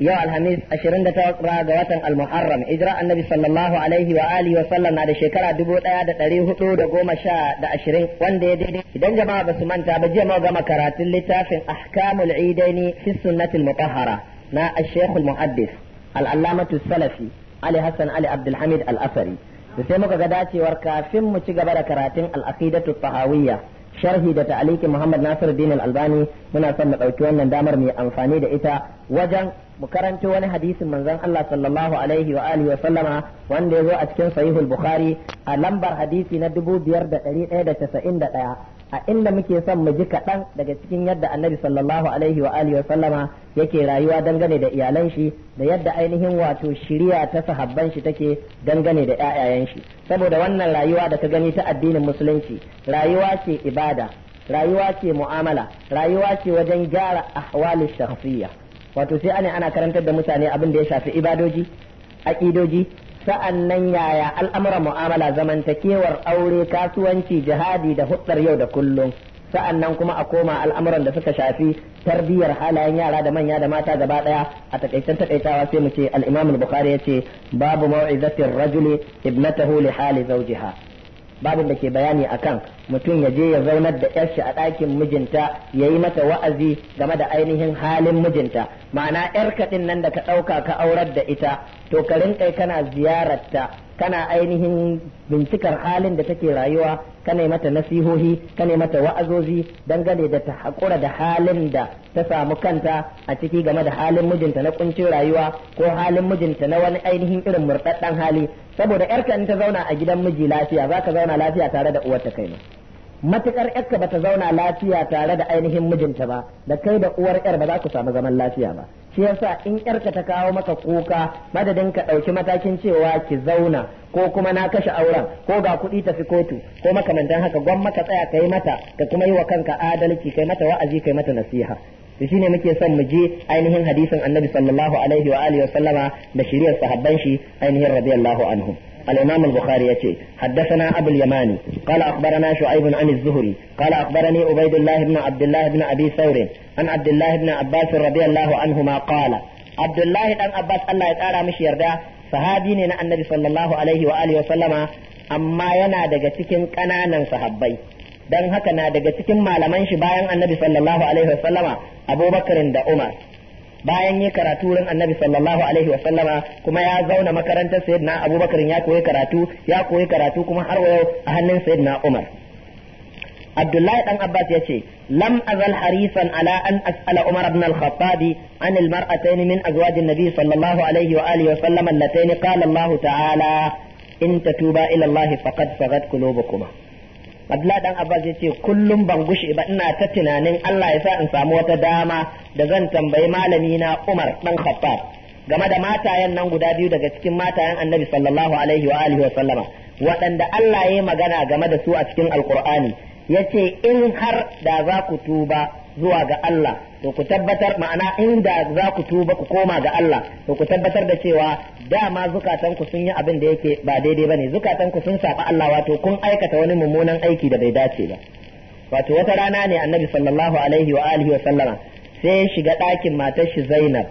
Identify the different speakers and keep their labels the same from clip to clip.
Speaker 1: yau alhamis 28 ga watan almuharram muharram ijra annabi sallallahu alaihi wa alihi wa sallam na da shekara ashirin wanda ya daidai idan jama'a ba su manta ba jiya gama karatun littafin ahkamul idaini fi sunnatil mutahhara na ash-shaykh al-muhaddis al-allamatu salafi ali hassan ali abdulhamid hamid al-asari sai muka ga dacewar kafin mu ci gaba da karatun al-aqidatu tahawiyya sharhi da ta'aliki Muhammad Nasiruddin Al-Albani muna son mu ɗauki wannan damar mu amfani da ita wajen mu karanto wani hadisin manzon Allah sallallahu alaihi wa alihi wa sallama wanda ya zo a cikin sahihul Bukhari a lambar hadisi na 5191 a inda muke son mu ji kaɗan daga cikin yadda annabi sallallahu alaihi wa alihi wa sallama yake rayuwa dangane da iyalan shi da yadda ainihin wato shiriya ta sahabban shi take dangane da ƴaƴayen shi saboda wannan rayuwa da ka gani ta addinin musulunci rayuwa ce ibada rayuwa ce mu'amala rayuwa ce wajen gyara ahwali shakhsiyya wato sai ana ana karantar da mutane abin da ya shafi ibadoji aqidoji sa'annan yaya al'amuran mu'amala zamantakewar aure kasuwanci jihadi da hutsar yau da kullum sa'annan kuma a koma al'amuran da suka shafi tarbiyyar halayen yara da manya da mata gaba ɗaya a takaicen takaitawa sai mu ce al-Imam al-Bukhari yace babu mau'izatir rajuli ibnatahu li hali zaujiha. babin da ke bayani akan mutum ya je ya zaunar da shi a ɗakin mijinta ya yi mata wa'azi game da ainihin halin mijinta ma'ana yar kaɗin nan da ka ɗauka ka aurar da ita to ka rinƙai kana ziyararta kana ainihin bincikar halin da take rayuwa ka ne mata nasihohi ka ne mata wa'azozi dangane da ta haƙura da halin da ta samu kanta a ciki game da halin mijinta na kuncin rayuwa ko halin mijinta na wani ainihin irin murɗaɗɗen hali saboda yarka in ta zauna a gidan miji lafiya za ka zauna lafiya tare da uwarta kai ma matukar yarka bata zauna lafiya tare da ainihin mijinta ba da kai da uwar yar ba za ku samu zaman lafiya ba shi yasa in yarka ta kawo maka kuka madadin ka ɗauki matakin cewa ki zauna ko kuma na kashe auren ko ga kuɗi tafi kotu ko makamantan haka gwamma ka tsaya kai mata ka kuma yi wa kanka adalci kai mata wa'azi kai mata nasiha to shine muke son mu je ainihin hadisin annabi sallallahu alaihi wa alihi wa sallama da shiriyar sahabban shi ainihin radiyallahu anhu الإمام البخاري يتي حدثنا أبو اليماني قال أخبرنا شعيب عن الزهري قال أخبرني عبيد الله بن عبد الله بن أبي ثور عن عبد الله بن عباس رضي الله عنهما قال عبد الله بن عباس الله يتعالى مش يرده na annabi sallallahu alaihi wa alihi wa sallama amma yana daga cikin ƙananan sahabbai dan haka na daga cikin malaman shi bayan annabi sallallahu alaihi wa abubakar da umar bayan yi karatu wurin annabi sallallahu alaihi wa sallama kuma ya zauna makarantar sayyidina abubakar ya koyi karatu ya koyi karatu kuma har yau a hannun sayyidina umar abdullahi dan abbas ya ce lam azal harisan ala an as'ala umar ibn al-khattab an al-mar'atayn min azwaj an-nabi sallallahu alaihi wa alihi wa sallama allatayn qala allah ta'ala in tatuba ila allah faqad sagat qulubukuma Abdullah dan Abbas yace kullum ban gushe ba ina ta tunanin Allah ya sa in samu wata dama da zan tambayi malami na Umar dan Khattab game da matayen nan guda biyu daga cikin matayen Annabi sallallahu alaihi wa alihi wa sallama waɗanda Allah ya magana game da su a cikin Alkur'ani yace in har da za ku tuba zuwa ga Allah to ku tabbatar ma'ana inda za ku tuba ku koma ga Allah to ku tabbatar da cewa dama zukatan ku sun yi abin da yake ba daidai bane zukatan ku sun saba Allah wato kun aikata wani mummunan aiki da bai dace ba wato wata rana ne annabi sallallahu alaihi wa alihi wa sallama sai shiga ɗakin matar shi Zainab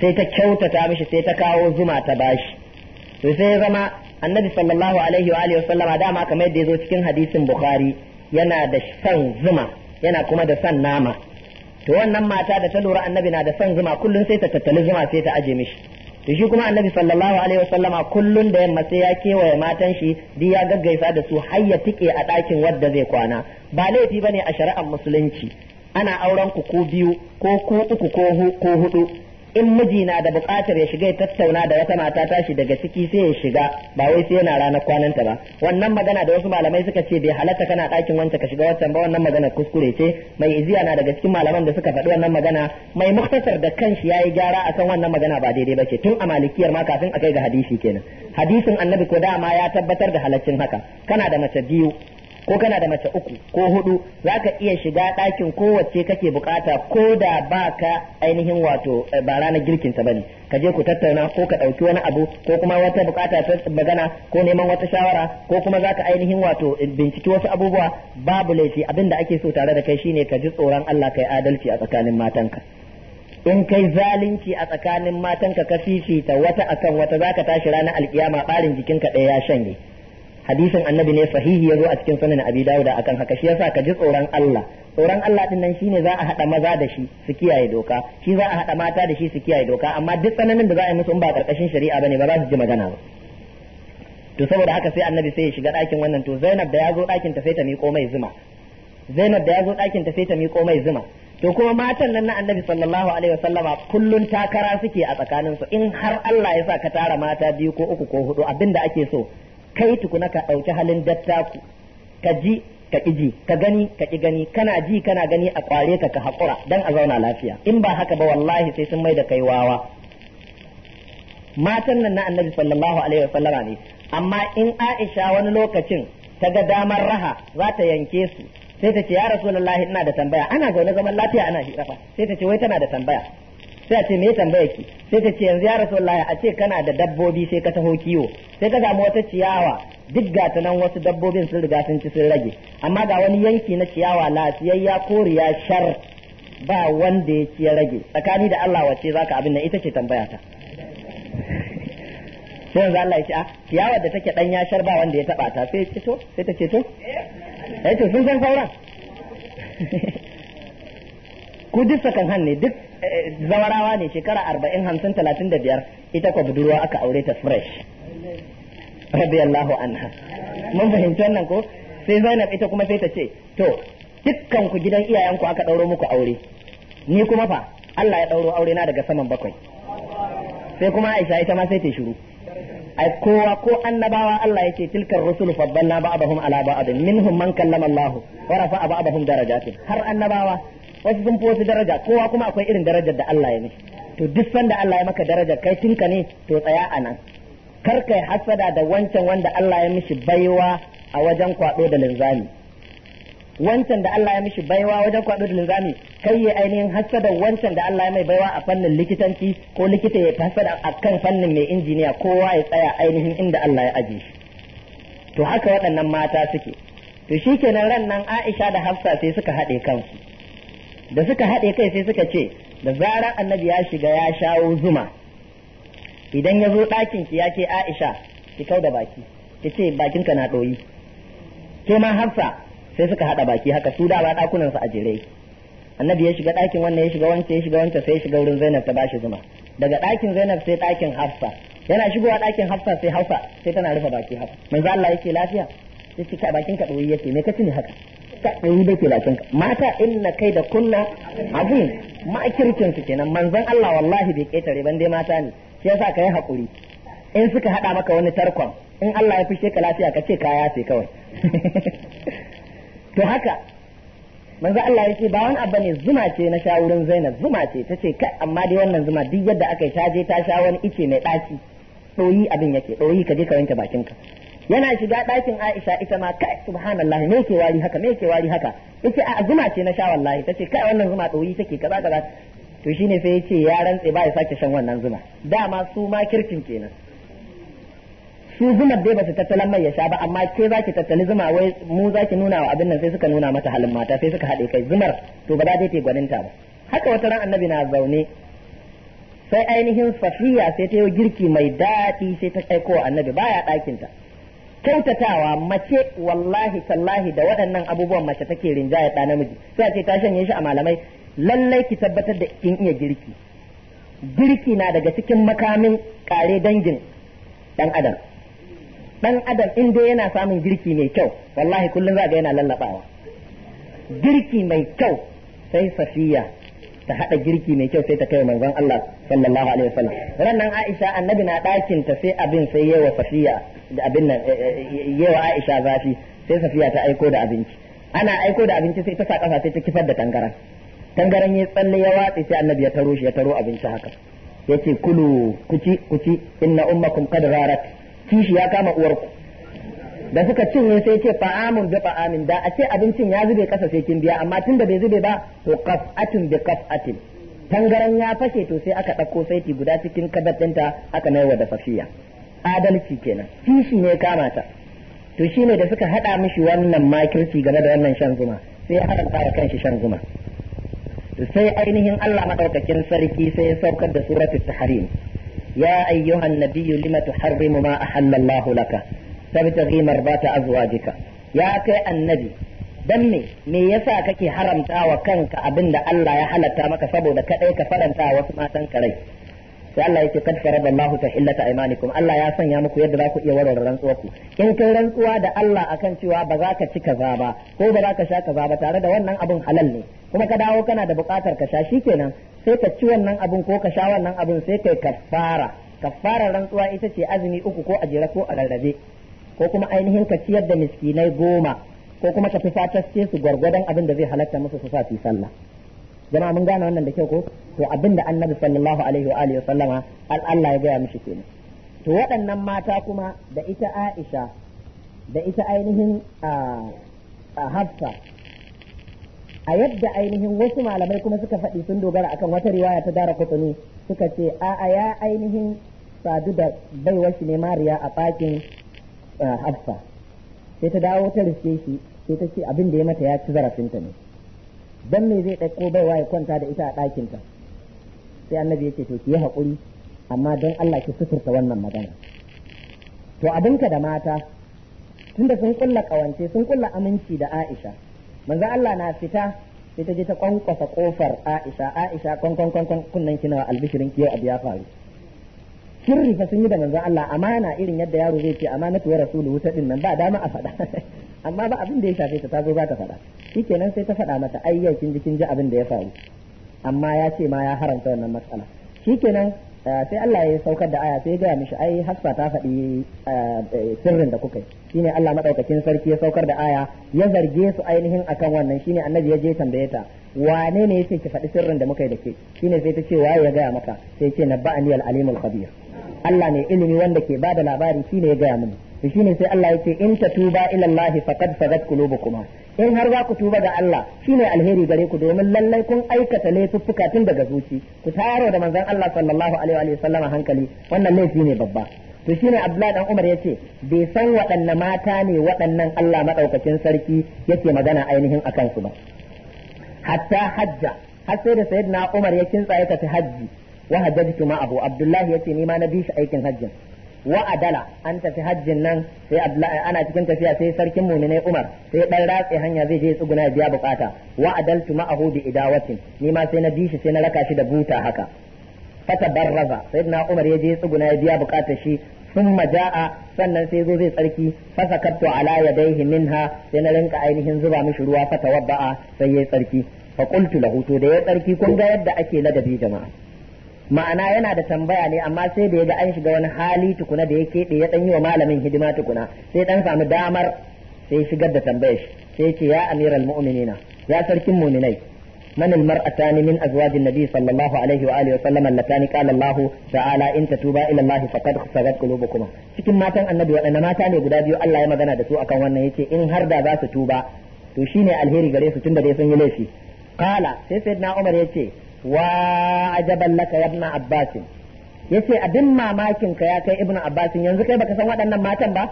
Speaker 1: sai ta kyautata mishi sai ta kawo zuma ta bashi to sai ya zama annabi sallallahu alaihi wa alihi wa sallama dama kamar yadda ya zo cikin hadisin Bukhari yana da san zuma yana kuma da san nama to wannan mata da ta lura annabi na da son zuma kullun sai ta tattali zuma sai ta aje mishi to shi kuma annabi sallallahu alaihi wasallama kullun da yamma sai ya kewaye matan shi duk ya gaggaifa da su har tike a ɗakin wadda zai kwana ba laifi bane a shari'ar musulunci ana auren ku ko biyu ko ku uku ko hudu in miji na da buƙatar ya shiga ya tattauna da wata mata tashi daga ciki sai ya shiga ba wai sai yana ranar kwananta ba wannan magana da wasu malamai suka ce bai halatta kana dakin wancan ka shiga wancan ba wannan magana kuskure ce mai iziya na daga cikin malaman da suka faɗi wannan magana mai muktasar da kanshi yayi gyara akan wannan magana ba daidai ba ce tun a malikiyar ma kafin a kai ga hadisi kenan hadisin annabi ko dama ya tabbatar da halaccin haka kana da mace biyu ko kana da mace uku ko hudu za ka iya shiga ɗakin kowace kake bukata ko da ba ka ainihin wato eh, ba ranar girkin ta bane ka je ku tattauna ko ka ɗauki wani abu ko kuma wata bukata ta magana ko neman wata shawara ko kuma za ka ainihin wato eh, binciki wasu abubuwa babu laifi abin da ake so tare da kai shine ka ji tsoron Allah kai adalci a tsakanin matanka in kai zalunci a tsakanin matanka ka fifita wata akan wata za ka tashi ranar alkiyama barin jikinka ɗaya ya shanye hadisin annabi ne sahihi ya zo a cikin sunan abi dawud akan haka shi yasa ka ji tsoron Allah tsoron Allah din nan shine za a hada maza da shi su kiyaye doka shi za a hada mata da shi su kiyaye doka amma duk tsananin da za a yi musu in ba karkashin shari'a bane ba za su ji magana ba to saboda haka sai annabi sai ya shiga ɗakin wannan to Zainab da ya zo ɗakin ta sai ta miƙo mai zuma Zainab da ya zo ɗakin ta sai ta miƙo mai zuma to kuma matan nan na annabi sallallahu alaihi wasallama kullun takara suke a tsakanin su in har Allah ya sa ka tara mata biyu ko uku ko hudu abinda ake so kai tukuna ka ɗauki halin dattaku ka ji ka ƙiji ka gani ka ƙi gani kana ji kana gani a ƙware ka ka haƙura don a zauna lafiya in ba haka ba wallahi sai sun mai da kai wawa matan nan na annabi sallallahu alaihi wasallama ne amma in aisha wani lokacin ta ga damar raha za ta yanke su sai ta ce ya rasulullahi ina da tambaya ana zaune zaman lafiya ana hira sai ta ce wai tana da tambaya sai a ce me tambaya ki sai ka ce yanzu ya rasulullahi a ce kana da dabbobi sai ka taho kiwo sai ka samu wata ciyawa duk ga ta nan wasu dabbobin sun riga sun ci sun rage amma ga wani yanki na ciyawa lafiyayya koriya shar ba wanda ya ci ya rage tsakani da Allah wace zaka abin nan ita ce tambaya ta sai yanzu Allah ya ce a ciyawar da take dan shar ba wanda ya taba ta sai to sai ta ce to eh to sun san sauran ku duk sakan hanne duk zawarawa ne shekara arba'in hamsin talatin da biyar ita kwa budurwa aka aure ta fresh radiyallahu anha mun fahimci wannan ko sai zainab ita kuma sai ta ce to dukkan ku gidan iyayenku aka ɗauro muku aure ni kuma fa Allah ya ɗauro aure na daga saman bakwai sai kuma Aisha ita ma sai ta shiru ai kowa ko annabawa Allah yake tilkar rusul faddalna ba'dahum ala ba'd minhum man kallama Allah wa rafa'a ba'dahum darajatin har annabawa wasu sun fi wasu daraja kowa kuma akwai irin darajar da Allah ya mishi to duk sanda Allah ya maka darajar kai tinka ne to tsaya a nan kar kai hasada da wancan wanda Allah ya mishi baiwa a wajen kwado da linzami wancan da Allah ya mishi baiwa wajen kwado da linzami kai ya ainihin hasada wancan da Allah ya mai baiwa a fannin likitanci ko likita ya hasada a kan fannin mai injiniya kowa ya tsaya ainihin inda Allah ya aje shi to haka waɗannan mata suke to shikenan ran nan Aisha da Hafsa sai suka haɗe kansu da suka haɗe kai sai suka ce da zarar annabi ya shiga ya shawo zuma idan ya zo ɗakin ki ya ke aisha ki kau da baki ki ce bakinka na ɗoyi ke ma hafsa sai suka haɗa baki haka su da ɗakunan su a jere annabi ya shiga ɗakin wannan ya shiga wancan ya shiga wancan sai ya shiga wurin zainab ta bashi zuma daga ɗakin zainab sai ɗakin hafsa yana shigowa ɗakin hafsa sai hafsa sai tana rufe baki haka manzo Allah yake lafiya sai ce bakin ka ɗoyi yake me ka tuni haka ta ɗari bai ke ka mata inna kai da kunna abin ma'akircin su kenan manzan Allah wallahi bai ketare ban dai mata ne shi yasa yi hakuri in suka haɗa maka wani tarkon in Allah ya fishe ka lafiya ka ce kaya sai kawai to haka manza Allah yake ba wani abu ne zuma ce na sha wurin Zainab zuma ce tace kai amma dai wannan zuma duk yadda aka yi ta je ta sha wani ice mai ɗaci ɗoyi abin yake ɗoyi ka je ka wanke bakinka. yana shiga ɗakin Aisha ita ma kai subhanallahi me yake wari haka me yake wari haka yace a zuma ce na sha wallahi tace kai wannan zuma ɗoyi take kaza kaza to shine sai yace ya rantse ba ya sake shan wannan zuma dama su ma kirkin kenan su zuma dai ba su tattalan mai ya sha ba amma ke za ki tattali zuma wai mu za ki nuna wa abin nan sai suka nuna mata halin mata sai suka haɗe kai zumar to ba za ta yi gwaninta ba haka wata ran annabi na zaune sai ainihin safiya sai ta yi girki mai daɗi sai ta aiko annabi baya ɗakinta ta kyautatawa mace wallahi sallahi da waɗannan abubuwan mace take rinjaya ɗa namiji sai ce ta shanye shi a malamai lallai ki tabbatar da in iya girki girki na daga cikin makamin ƙare dangin ɗan adam ɗan adam in dai yana samun girki mai kyau wallahi kullum za ga yana lallaɓawa girki mai kyau sai safiya ta haɗa girki mai kyau sai ta kai manzon Allah sallallahu alaihi wasallam ranan Aisha annabi na ɗakin ta sai abin sai yawa safiya da abin nan eh, eh, eh, yawa Aisha zafi sai Safiya ta aiko da abinci ana aiko da abinci sai ta sa kafa sai ta kifar da tangaran tangaran ya tsalle ya watsi sai annabi ya taro shi ya taro abinci haka yace kulu kuci kuci inna ummakum qad gharat kishi ya kama uwarku da suka cinye sai ce fa'amun bi da a ce abincin ya zube kasa sai kin biya amma tunda bai zube ba to qaf'atun bi qaf'atin tangaran ya fashe to sai aka ɗauko saiti guda cikin kadar aka naiwa da safiya adalci kenan kishi ne kama ta to shine da suka hada mishi wannan makirci game da wannan shan zuma sai ya haramta wa kanshi shan zuma sai ainihin Allah madaukakin sarki sai ya saukar da suratul tahrim ya ayyuha nabiyyu lima tuharrimu ma ahallallahu laka tabtaghi marbata azwajika ya kai annabi dan me me yasa kake haramta wa kanka abinda Allah ya halatta maka saboda kadai ka faranta wasu matan karai sai Allah yake kad farada Allahu tahillata aymanikum Allah ya sanya muku yadda za ku iya warware rantsuwar ku in kai rantsuwa da Allah akan cewa ba za ka ci kaza ba ko ba za ka sha kaza ba tare da wannan abun halal ne kuma ka dawo kana da buƙatar ka sha kenan sai ka ci wannan abun ko ka sha wannan abun sai kai kafara kafarar rantsuwa ita ce azumi uku ko a ko a rarrabe ko kuma ainihin ka ciyar da miskinai goma ko kuma ka fi fatar su gwargwadon abin da zai halatta musu su sa fi sallah jama mun gane wannan da kyau ko to abinda annabi sallallahu alaihi wa alihi sallama Allah ya gaya mishi kenan to waɗannan mata kuma da ita Aisha da ita ainihin a Hafsa a yadda ainihin wasu malamai kuma suka faɗi sun dogara akan wata riwaya ta Dara Kutuni suka ce a ya ainihin sadu da baiwa shi ne Mariya a bakin Hafsa sai ta dawo ta riske shi sai ta ce abin da ya mata ya ci zarafinta ne dan me zai ɗauko baiwa ya kwanta da ita a ɗakinta sai annabi yake to ki yi haƙuri amma don Allah ki suturta wannan magana to abinka da mata tunda sun kulla ƙawance sun kulla aminci da Aisha manzo Allah na fita sai ta je ta kwankwasa kofar Aisha Aisha kon kon kon kunnan kina albishirin kiyo abu ya faru sirri fa sun yi da manzo Allah amana irin yadda yaro zai ce amanatu wa rasuluhu ta din nan ba dama a faɗa amma ba abin da ya shafe ta tazo za ta faɗa shikenan sai ta faɗa mata ai yau kin ji kin ji abin da ya faru amma ya ce ma ya haramta wannan matsala shikenan eh, sai Allah ya saukar da aya sai ya gaya mishi ai hafsa ta faɗi eh, eh, sirrin da kuka yi shine Allah madaukakin sarki ya saukar da aya ya zarge su ainihin akan wannan shine annabi ya je tambaye ta wane ne yake ki faɗi sirrin da muka yi da ke shine sai ta ce waye ya gaya maka sai ce nabba'ani al-alimul khabir Allah ne ilimi wanda ke bada labari shine ya gaya mini shine sai Allah ya ce in tatuba ila Allah faqad fadat qulubukum in har za ku tuba ga Allah shi ne alheri gare ku domin lallai kun aikata laifuffuka tun daga zuci ku taro da manzon Allah sallallahu alaihi wa sallama hankali wannan laifi ne babba to shi ne Abdullahi dan Umar yace bai san waɗanne mata ne waɗannan Allah madaukakin sarki yake magana ainihin akan su ba hatta hajja har sai da sayyidina Umar ya kintsa ya hajji wa hajjatu ma Abu Abdullahi yace ni ma na bi shi aikin hajjin wa adala an tafi hajjin nan sai ana cikin tafiya sai sarkin muminai Umar sai dan ratse hanya zai je tsuguna biya bukata wa adaltu ma'ahu bi idawatin ni ma sai na bi shi sai na raka shi da buta haka fata barraza sayyidina Umar ya je tsuguna ya biya bukatar shi sun ja'a sannan sai zo zai tsarki fasa kattu ala yadayhi minha sai na rinka ainihin zuba mishi ruwa fata wabba'a sai yayi tsarki fa qultu lahu to da ya tsarki kun ga yadda ake ladabi jama'a ma'ana yana da tambaya ne amma sai da ya ga an shiga wani hali tukuna da ya keɓe ya ɗan yi wa malamin hidima tukuna sai dan samu damar sai ya shigar da tambayar shi sai ce ya amiral mu'minina ya sarkin mu'minai man al mar'atani min azwajin nabi sallallahu alaihi wa alihi wa sallam allatani qala Allah ta'ala in tatuba ila Allah faqad sagat qulubukum cikin matan annabi waɗanne mata ne guda biyu Allah ya magana da su akan wannan yace in har da za su tuba to shine alheri gare su tunda dai sun yi laifi qala sai sayyidina Umar yace wa ajaban laka ya ibn abbas yace abin mamakin ka ya kai ibn abbas yanzu kai baka san waɗannan matan ba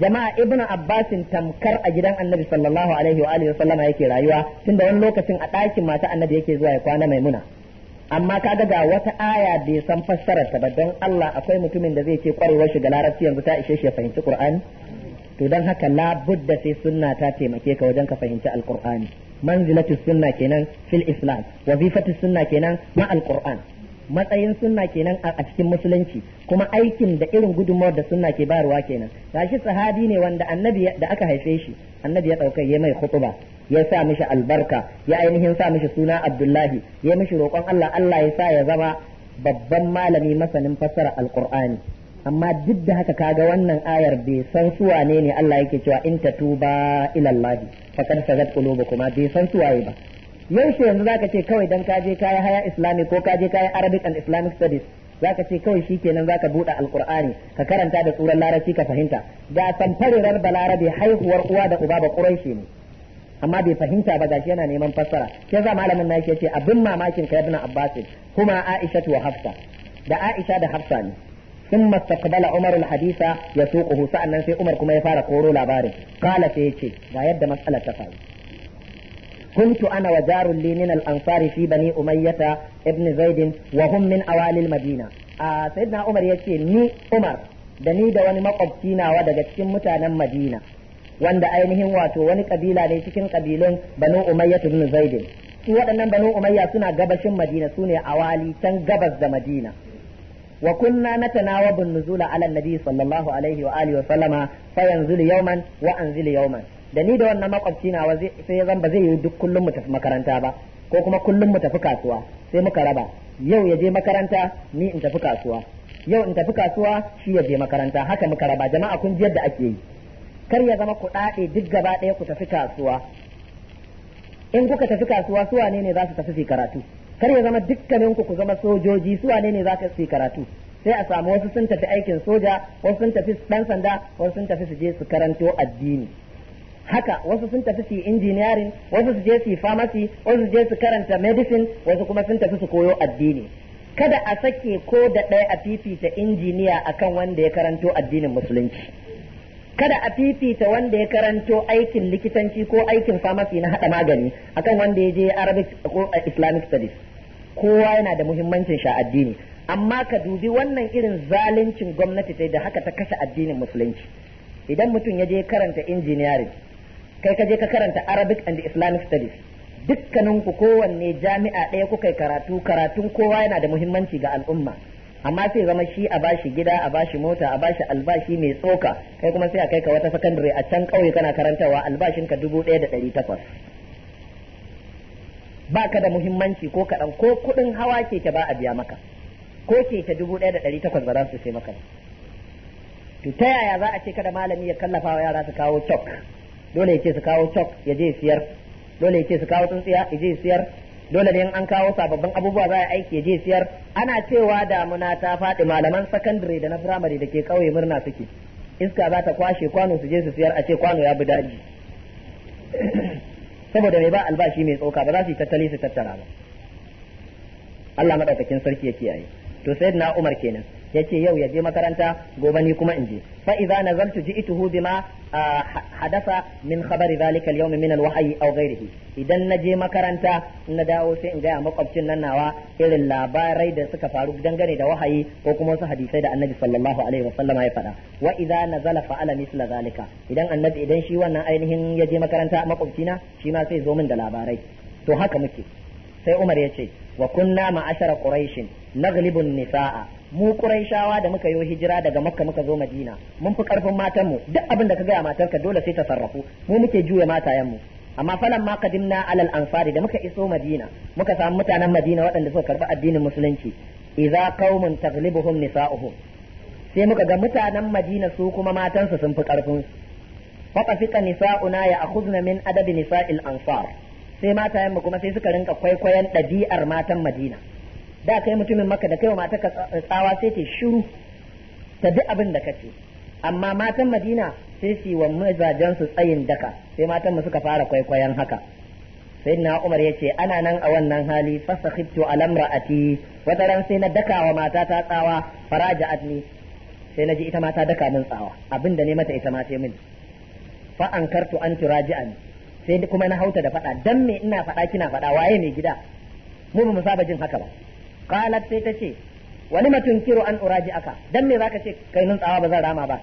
Speaker 1: jama'a ibn abbas tamkar a gidan annabi sallallahu alaihi wa alihi sallama yake rayuwa tunda wani lokacin a ɗakin mata annabi yake zuwa ya kwana maimuna amma ka ga wata aya bai san fassarar ta ba don Allah akwai mutumin da zai ce kwarewar shi ga larabci yanzu ta ishe shi ya fahimci Qur'ani to don haka budda sai sunna ta taimake ka wajen ka fahimci alqur'ani manzilatu sunna kenan fil islam wazifatu sunna kenan ma alquran matsayin sunna kenan a cikin musulunci kuma aikin da irin gudunmawar da sunna ke bayarwa kenan gashi sahabi ne wanda annabi da aka haife shi annabi ya dauka ya mai khutba ya sa mishi albarka ya ainihin sa mishi suna abdullahi ya mishi roƙon Allah Allah ya sa ya zama babban malami masanin fassara alqur'ani amma duk da haka kaga wannan ayar bai san suwa ne ne Allah yake cewa in tatuba ila Allah fakar sagat qulubukuma bai san su waye ba yaushe yanzu zaka ce kawai dan ka je kai haya islami ko ka je kai arabic and islamic studies zaka ce kawai shikenan zaka buɗe alqur'ani ka karanta da tsuran larabci ka fahimta ga tamfarerar balarabe haihuwar uwa da uba ba quraishi ne amma bai fahimta ba gashi yana neman fassara sai za malamin nake ce abin mamakin ka ibn abbas kuma aisha wa hafsa da aisha da hafsa ne ثم استقبل عمر الحديث يسوقه سألنا في عمر كما يفارق قولوا لاباري قال سيتي ويد مسألة تفاوت كنت أنا وجار لي من الأنصار في بني أمية ابن زيد وهم من أوائل المدينة آه سيدنا عمر يتي ني عمر da ni da wani makwabci nawa daga cikin mutanen Madina wanda ainihin wato wani kabila ne cikin kabilun Banu Umayya ibn Zaid su waɗannan Banu Umayya suna gabashin Madina sune awali can gabas da Madina wa kunna natanawabu nuzula ala nabi sallallahu alaihi wa alihi wa sallama fa yanzilu yawman wa anzilu yawman da ni da wannan makwabci na sai zan ba zai yi duk kullum mu tafi makaranta ba ko kuma kullum mu tafi kasuwa sai muka raba yau ya je makaranta ni in tafi kasuwa yau in tafi kasuwa shi ya je makaranta haka muka raba jama'a kun ji yadda ake yi kar ya zama ku dade duk gaba daya ku tafi kasuwa in kuka tafi kasuwa su wane ne za su tafi karatu kar ya zama dukkanin ku ku zama sojoji su wane ne zaka su karatu sai a samu wasu sun tafi aikin soja wasu sun tafi dan sanda wasu sun tafi su je su karanto addini haka wasu sun tafi su yi engineering wasu su je su pharmacy wasu su je su karanta medicine wasu kuma sun tafi su koyo addini kada a sake ko da ɗaya a fifita injiniya akan wanda ya karanto addinin musulunci kada a fifita wanda ya karanto aikin likitanci ko aikin famasi na haɗa magani akan wanda ya je arabic ko islamic studies kowa yana da muhimmancin sha addini amma ka dubi wannan irin zaluncin gwamnati sai da haka ta kashe addinin musulunci idan mutum ya je karanta engineering kai ka je ka karanta arabic and islamic studies dukkanin ku kowanne jami'a ɗaya kuka karatu karatun kowa yana da muhimmanci ga al'umma amma sai zama shi a bashi gida a bashi mota a bashi albashi mai tsoka kai kuma sai a kai ka wata sakandare a can kauye kana karantawa albashin ka dubu ɗaya da ɗari takwas baka da muhimmanci ko kaɗan ko kuɗin hawa keke ba a biya maka ko keke dubu ɗaya da ɗari takwas ba za su sai maka to ta yaya za a ce kada malami ya kallafa wa yara su kawo cok dole ya ce su kawo cok ya je siyar dole ya ce su kawo tsintsiya ya je siyar dole ne an kawo sababbin abubuwa za a aiki ya je siyar ana cewa damuna ta faɗi malaman sakandare da na firamare da ke kauye murna suke iska za ta kwashe kwano su je su siyar a ce kwano ya bi daji saboda mai ba albashi mai tsoka ba za su yi tattali su tattara ba Allah madaukakin sarki ya kiyaye to sayyidina Umar kenan yace yau ya je makaranta gobe ni kuma in je fa idza nazartu ji'tuhu bima ah, hadasa min khabari zalika al-yawm min al-wahyi aw ghayrihi idan na je makaranta na dawo sai in ga makwabcin nan nawa irin labarai da suka faru dangane da wahayi ko kuma wasu hadisai da annabi sallallahu alaihi wa sallama ya faɗa wa idza nazala fa'ala misla zalika idan annabi idan shi wannan ainihin ya je makaranta na shi ma sai zo min da labarai to haka muke sai Umar ya ce wa kunna ma'ashara quraishin naglibun nisaa mu shawa da muka yi hijira daga makka muka zo madina mun fi karfin matanmu duk abin da ka gaya matarka dole sai ta sarrafu mu muke juya matayen mu amma falan ma kadimna alal ansari da muka iso madina muka samu mutanen madina waɗanda suka karɓi addinin musulunci idza qaumun taghlibuhum nisa'uhum sai muka ga mutanen madina su kuma matansu sun fi karfin su faqafika nisa'una ya'khudna min adabi nisa'il ansar sai matayen kuma sai suka rinka kwaikwayon ɗabi'ar matan madina da kai mutumin maka da kai wa mata tsawa sai ta shiru ta duk abin da kace amma matan madina sai su wa mazajen su tsayin daka sai matan mu suka fara kwaikwayon haka sai na umar ya ce ana nan a wannan hali fasakhittu alamra ati wata ran sai na daka wa mata ta tsawa faraja atni sai na ji ita mata daka min tsawa abin da ne mata ita mata min fa ankartu an turaji'an sai kuma na hauta da fada dan me ina fada kina fada waye ne gida mu ba mu saba jin haka ba qalat sai ta ce walima tunkiru an uraji aka dan me zaka ce kai nun tsawa ba zan rama ba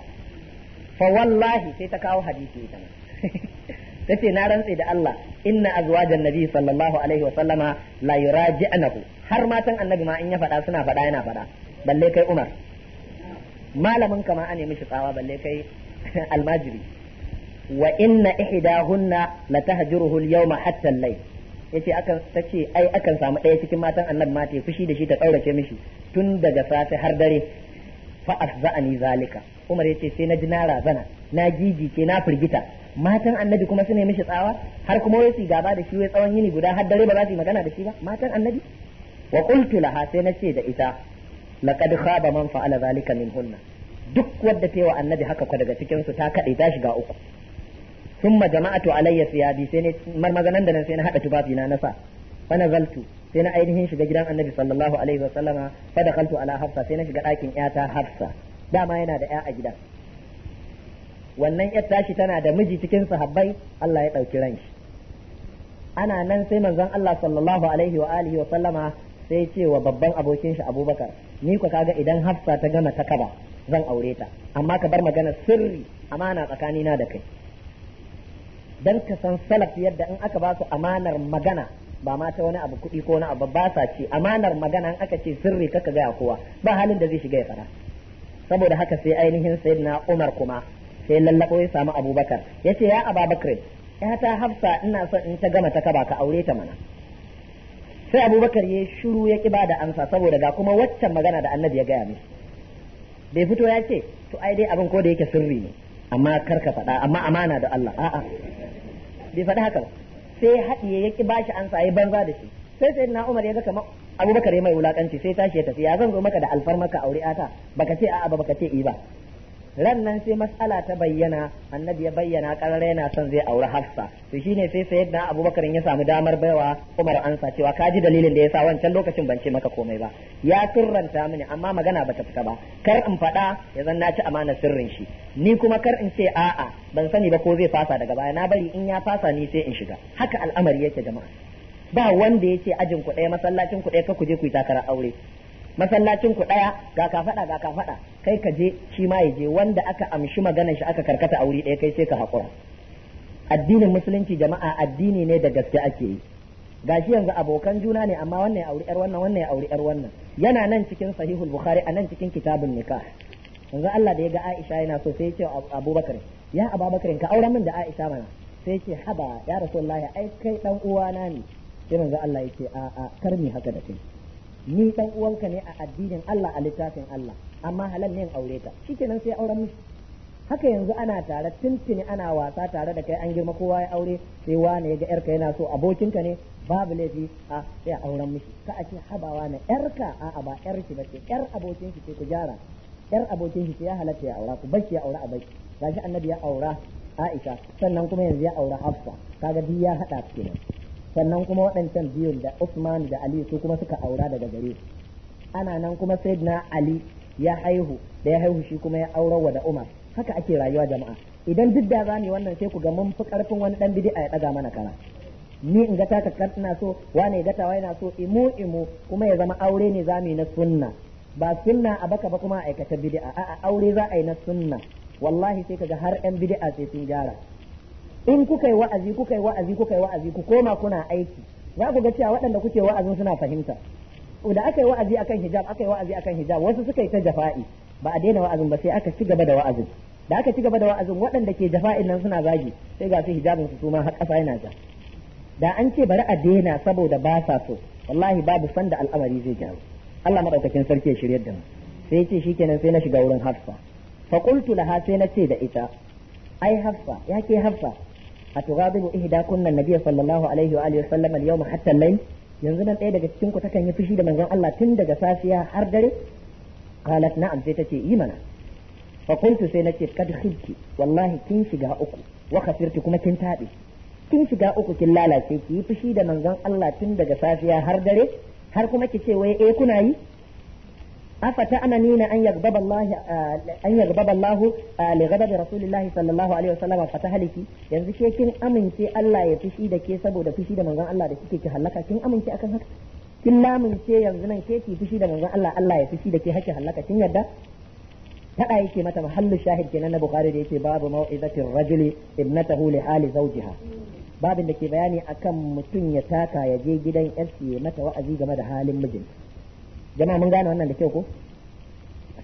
Speaker 1: fa wallahi sai ta kawo hadisi ita ma tace na rantse da Allah inna azwajan nabi sallallahu alaihi wa sallama la yuraji'nahu har matan annabi ma in ya faɗa suna faɗa yana faɗa balle kai Umar malamin kama ane mishi tsawa balle kai almajiri wa inna ihdahunna latahjuruhu al-yawma hatta al-layl yace akan tace ai akan samu ɗaya cikin matan annabi ma ta fushi da shi ta tsaurace mishi tun daga safe har dare fa azza'ani zalika Umar yace sai na ji na razana na gigice na firgita matan annabi kuma su ne mishi tsawa har kuma wai gaba da shi wai tsawon yini guda har dare ba za su yi magana da shi ba matan annabi wa qultu laha sai na ce da ita laqad khaba man fa'ala zalika min hunna duk wadda ta yi wa annabi haka ko daga cikin su ta kade ta shiga uku to jama'atu alayya bi sai ne maganan da nan sai na hada tufafi na nasa fa nazaltu sai na ainihin shiga gidan annabi sallallahu alaihi wa sallama fa dakhaltu ala hafsa sai na shiga ɗakin yata hafsa dama yana da ya a gidan wannan yar tashi tana da miji cikin sahabbai Allah ya ɗauki ran shi ana nan sai manzon Allah sallallahu alaihi wa alihi wa sallama sai ce wa babban abokin shi Abubakar ni ku kaga idan Hafsa ta gama ta kaba zan aure ta amma ka bar magana sirri amana tsakanina da kai dan ka san salaf yadda in aka ba su amanar magana ba ma ta wani abu kuɗi ko wani abu ba sa ce amanar magana in aka ce sirri ka ka gaya kowa ba halin da zai shiga ya fara saboda haka sai ainihin sayyidina Umar kuma sai lallabo ya samu Abubakar yace ya Ababakar ya ta Hafsa ina son in ta gama ta kaba ka aure ta mana sai Abubakar ya shiru ya kiba da amsa saboda ga kuma waccan magana da Annabi ya gaya mishi bai fito ya ce to ai dai abin ko da yake sirri ne amma kar ka faɗa amma amana da Allah a'a bai faɗi haka ba sai haɗiye ya ki bashi an yi banza da shi sai sai na Umar ya ga kamar Abubakar ya mai wulakanci sai tashi ya tafi ya zan zo maka da alfarmaka aure ata baka ce a'a ba baka ce i ba ran nan sai mas'ala ta bayyana annabi ya bayyana karara yana son zai aure hafsa to shine sai yadda abubakar ya samu damar baiwa umar ansa cewa ka ji dalilin da yasa wancan lokacin ban ce maka komai ba ya sirranta mini amma magana bata fita ba kar in faɗa ya zan na ci amana sirrin shi ni kuma kar in ce a'a ban sani ba ko zai fasa daga baya na bari in ya fasa ni sai in shiga haka al'amari yake jama'a ba wanda ya ce ajin ku ɗaya masallacin ku ɗaya ka ku je ku yi takarar aure masallacin ku daya ga ka fada ga ka fada kai ka je shi ma ya je wanda aka amshi maganar shi aka karkata aure wuri daya kai sai ka hakura addinin musulunci jama'a addini ne da gaske ake yi gashi yanzu abokan juna ne amma wannan ya auri yar wannan wannan ya auri yar wannan yana nan cikin sahihul bukhari a nan cikin kitabun nikah yanzu Allah da ya ga Aisha yana so sai ya ce Abubakar ya Abubakar ka aure min da Aisha mana sai ya ce haba ya Rasulullahi ai kai dan uwana ne sai manzo Allah yake a a karmi haka da kai ni dan uwanka ne a addinin Allah a littafin Allah amma halal ne in aure ta shikenan sai auren miki haka yanzu ana tare tuntuni ana wasa tare da kai an girma kowa ya aure sai wani yaga yarka yana so abokinka ne babu laifi a sai a auren miki ka a ce habawa na yarka a a ba yar shi bace yar abokin shi ce ku jara yar abokin shi ce ya halatta ya aura ku bashi ya aura a bai gashi annabi ya aura Aisha sannan kuma yanzu ya aura Hafsa kaga duk ya hada kenan sannan kuma waɗancan biyun da Usman da Ali su kuma suka aura daga gare su ana nan kuma Sayyidina Ali ya haihu da ya haihu shi kuma ya aura wa da Umar haka ake rayuwa jama'a idan duk da zamu wannan sai ku ga mun fi karfin wani dan bid'a ya daga mana kara ni in ga ta taka kana so wane ga wai yana so imu imu kuma ya zama aure ne zamu na sunna ba sunna a baka ba kuma aikata bid'a a'a aure za a yi na sunna wallahi sai kaga har yan bid'a sai sun gyara in kuka yi wa'azi kuka yi wa'azi kuka yi wa'azi ku koma kuna aiki za ku ga cewa waɗanda kuke wa'azin suna fahimta da aka yi wa'azi akan hijab aka yi wa'azi akan hijab wasu suka yi ta jafa'i ba a daina wa'azin ba sai aka ci gaba da wa'azin da aka ci gaba da wa'azin waɗanda ke jafa'in nan suna zagi sai ga su hijabin su ma har ƙasa yana ja da an ce bari a daina saboda ba sa so wallahi babu sanda al'amari zai gyaru Allah madaukakin sarki ya shiryar da mu sai ce shikenan sai na shiga wurin Hafsa fa qultu laha sai na ce da ita ai Hafsa ya ke Hafsa أتغاضب إحداكن النبي صلى الله عليه وآله وسلم اليوم حتى الليل yanzu nan ɗaya daga cikin ku takan yi fushi da manzon Allah tun daga safiya har dare qalat na'am sai tace yi mana fa qultu sai nace kad khibti wallahi kin shiga uku wa kuma kin tabe kin shiga uku kin lalace ki yi fushi da manzon Allah tun daga safiya har dare har kuma ki ce wai eh kuna yi afata anani na an yagbaba Allah an yagbaba Allah li ghadabi Rasulullah sallallahu alaihi wasallam fata haliki yanzu ke kin amince Allah ya fishi da ke saboda fishi da manzon Allah da kike ki halaka kin amince akan haka kin lamince yanzu nan ke ki fishi da manzon Allah Allah ya fishi da ke hake halaka kin yadda hada yake mata mahallu shahid kenan na Bukhari da yake babu mau'izatir rajuli ibnatahu li hali zawjiha babin da ke bayani akan mutum ya taka ya je gidan yarsa ya mata wa'azi game da halin mijinta jama'a mun gane wannan da kyau ko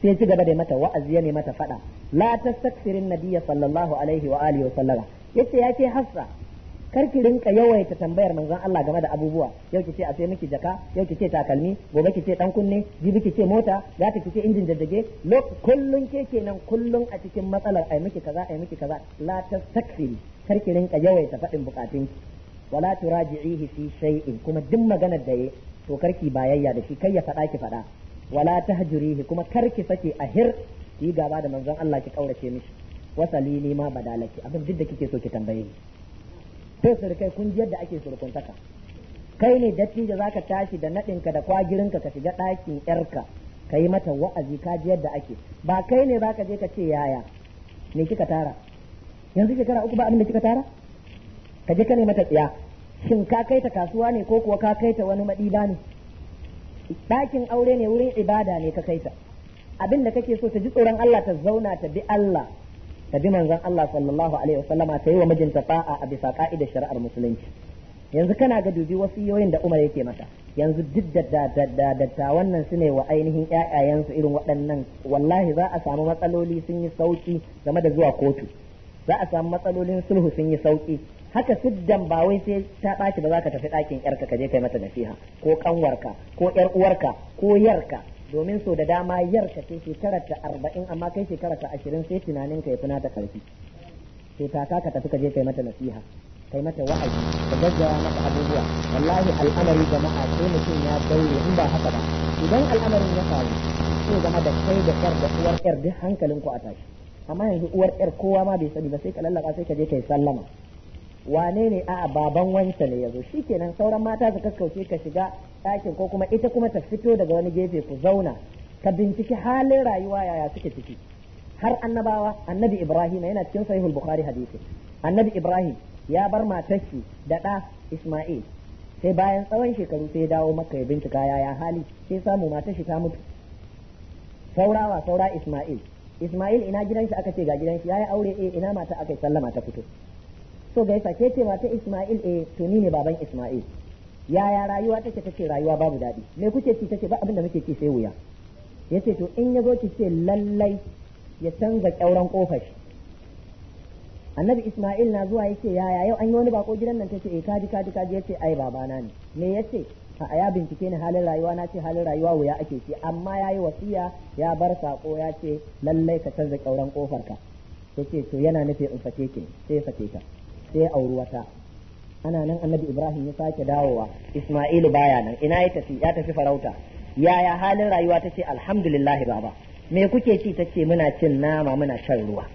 Speaker 1: sai ci gaba da mata wa'azi ya ne mata fada la tastakfirin nabiyya sallallahu alaihi wa alihi wa sallama yace ya ce hafsa kar ki rinka yawaita tambayar manzon Allah game da abubuwa yau kice a sai miki jaka yau ce takalmi gobe kice dan kunne jibi kice mota gata kice injin jaddage kullun ke kenan kullun a cikin matsalar ai miki kaza ai miki kaza la tastakfiri kar ki rinka yawaita fadin bukatun wala turaji'ihi fi shay'in kuma duk maganar da yayi to karki bayayya da shi kai ya faɗa ki faɗa wala tahjurihi kuma karki sake a hir yi gaba da manzon Allah ki kaurace mishi wasali ni ma badalaki abin duk da kike so ki tambaye ni sai kai kun ji yadda ake surkuntaka kai ne dattijo zaka tashi da nadinka da kwagirinka ka shiga ɗakin yarka ka yi mata wa'azi ka ji yadda ake ba kai ne zaka je ka ce yaya me kika tara yanzu shekara uku ba abin da kika tara ka je ka ne mata tsiya shin ka kai ta kasuwa ne ko kuwa ka kai ta wani madiba ne ɗakin aure ne wurin ibada ne ka kai ta abin da kake so ta ji tsoron Allah ta zauna ta bi Allah ta bi manzon Allah sallallahu alaihi wasallama ta yi wa mijinta fa'a a bisa ka'idar shari'ar musulunci yanzu kana ga dubi wasu yoyin da Umar yake mata yanzu duk da dattawan wannan su ne wa ainihin ƴaƴayensu irin waɗannan wallahi za a samu matsaloli sun yi sauki game da zuwa kotu za a samu matsalolin sulhu sun yi sauƙi. haka siddan ba wai sai ta ɓaci ba za ka tafi ɗakin yarka ka je kai mata nasiha ko kanwarka ko yar uwarka ko yarka domin so da dama yarka sai shekarar ta arba'in amma kai shekarar ta ashirin sai tunanin ka ya fi nata ƙarfi sai ta ka tafi ka je kai mata nasiha kai mata wa'azi ka gaggawa mata abubuwa wallahi al'amari jama'a sai mutum ya daure in ba haka ba idan al'amarin ya faru sai zama da kai da yar da uwar yar duk hankalin ku a tashi amma yanzu uwar yar kowa ma bai sani ba sai ka lallaka sai ka je kai sallama wane ne a'a baban wansa ne yazo shikenan sauran mata su kakkauce ka shiga ɗakin ko kuma ita kuma ta fito daga wani gefe ku zauna ka binciki halin rayuwa yaya suke ciki har annabawa annabi ibrahim yana cikin sahihul bukhari hadisi annabi ibrahim ya bar matashi da ɗa isma'il sai bayan tsawon shekaru sai dawo maka ya bincika yaya hali sai samu matashi ta mutu saurawa saura isma'il isma'il ina gidan shi aka ce ga gidan ya yayi aure eh ina mata aka sallama ta fito so ga yasa ke ce mata Isma'il eh to ni ne baban Isma'il yaya rayuwa take take rayuwa babu dadi me kuke ci take ba abinda muke ci sai wuya yace to in yazo ki ce lallai ya canza kyauran kofar shi annabi Isma'il na zuwa yace yaya yau an yi wani bako gidan nan tace eh kaji kaji kaji yace ai babana ne me yace a ya bincike ni halin rayuwa na ce halin rayuwa wuya ake ci amma yayi wasiya ya bar sako ya ce lallai ka canza kyauran kofar ka yace to yana nufin in fate ki sai fate ka sai ya ana nan annabi ibrahim ya sake dawowa isma'ilu baya nan ina ya tafi ya tafi farauta yaya halin rayuwa tace alhamdulillah baba me kuke ci tace muna cin nama muna shan ruwa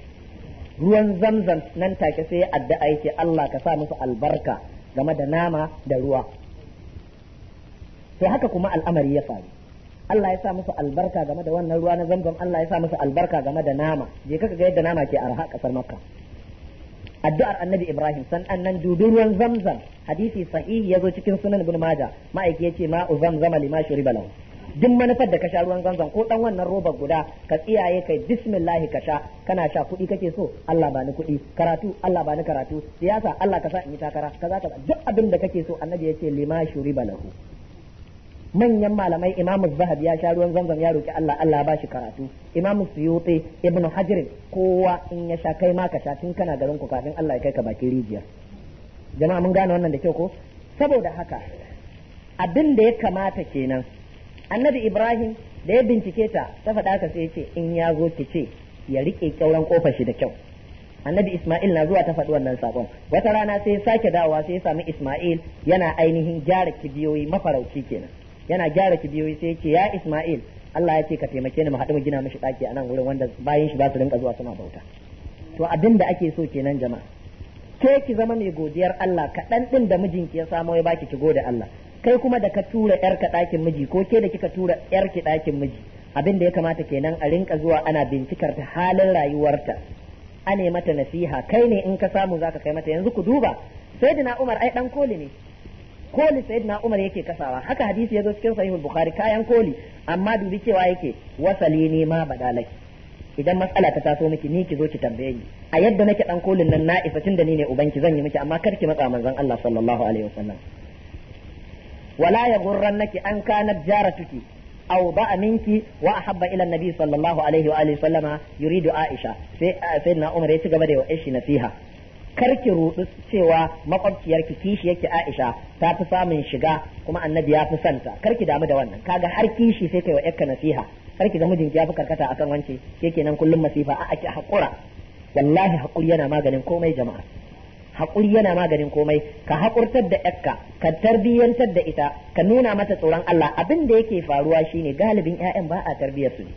Speaker 1: ruwan zamzam nan take sai addu'a yake Allah ka sa musu albarka game da nama da ruwa sai haka kuma al'amari ya faru Allah ya sa musu albarka game da wannan ruwa na zamzam Allah ya sa musu albarka game da nama je ka ga yadda nama ke arha kasar makka addu'ar annabi ibrahim sannan dubi ruwan zamzam hadisi ya zo cikin sunan ibn maja ma'aiki yace ma'u zamzama lima shuriba lahu duk manufar da ka sha ruwan zamzam ko dan wannan roba guda ka tsiyaye kai bismillah ka sha kana sha kuɗi kake so Allah ba ni kuɗi karatu Allah ba ni karatu siyasa Allah ka sa in yi takara kaza kaza duk abin da kake so annabi yace lima shuriba lahu manyan malamai Imam zahab ya sha ruwan Zamzam ya roki Allah Allah ba shi karatu Imam Suyuti Ibn Hajar kowa in ya sha kai ma ka sha tun kana garin ku kafin Allah ya kai ka baki rijiya jama'a mun gane wannan da kyau ko saboda haka abin da ya kamata kenan annabi Ibrahim da ya bincike ta ta faɗa ka sai ce in ya zo ki ce ya rike kyauran kofar shi da kyau annabi Ismail na zuwa ta faɗi wannan sakon wata rana sai ya sake dawowa sai ya sami Ismail yana ainihin gyara kibiyoyi mafarauci kenan yana gyara kibiyoyi sai yake ya Isma'il Allah ya ce ka taimake ni mu haɗu mu gina mishi ɗaki a nan wurin wanda bayan shi ba su rinka zuwa suna bauta to abin da ake so kenan jama'a ke ki zama mai godiyar Allah kaɗan ɗin da mijinki ya samo ya baki ki gode Allah kai kuma da ka tura yar ka ɗakin miji ko ke da kika tura yar ki ɗakin miji abin da ya kamata kenan a rinka zuwa ana bincikar ta halin rayuwarta a ne mata nasiha kai ne in ka samu zaka kai mata yanzu ku duba sayyidina Umar ai dan koli ne koli sayyidina Umar yake kasawa haka hadisi ya zo cikin sahihul bukhari kayan koli amma dubi cewa yake wasali ne ma badalaki idan matsala ta taso miki ni ki zo ki tambaye ni a yadda nake dan kolin nan na tun da ni ne ubanki zan yi miki amma kar ki matsa manzon Allah sallallahu alaihi wasallam wala yaghurrannaki an kanat jaratuki أو ضاء منك وأحب إلى yuridu aisha الله عليه وآله وسلم يريد عائشة سيدنا عمر يتقبل وإيش karki rudu cewa makwabciyarki kishi yake Aisha ta fi samun shiga kuma annabi ya fi santa karki damu da wannan kaga har kishi sai kai wa yakka nasiha karki ga mijinki ya fi karkata akan wance yake nan kullum masifa a ake hakura wallahi hakuri yana maganin komai jama'a hakuri yana maganin komai ka hakurtar da yakka ka tarbiyyantar da ita ka nuna mata tsoron Allah abin da yake faruwa shine galibin ƴaƴan ba a tarbiyyar su ne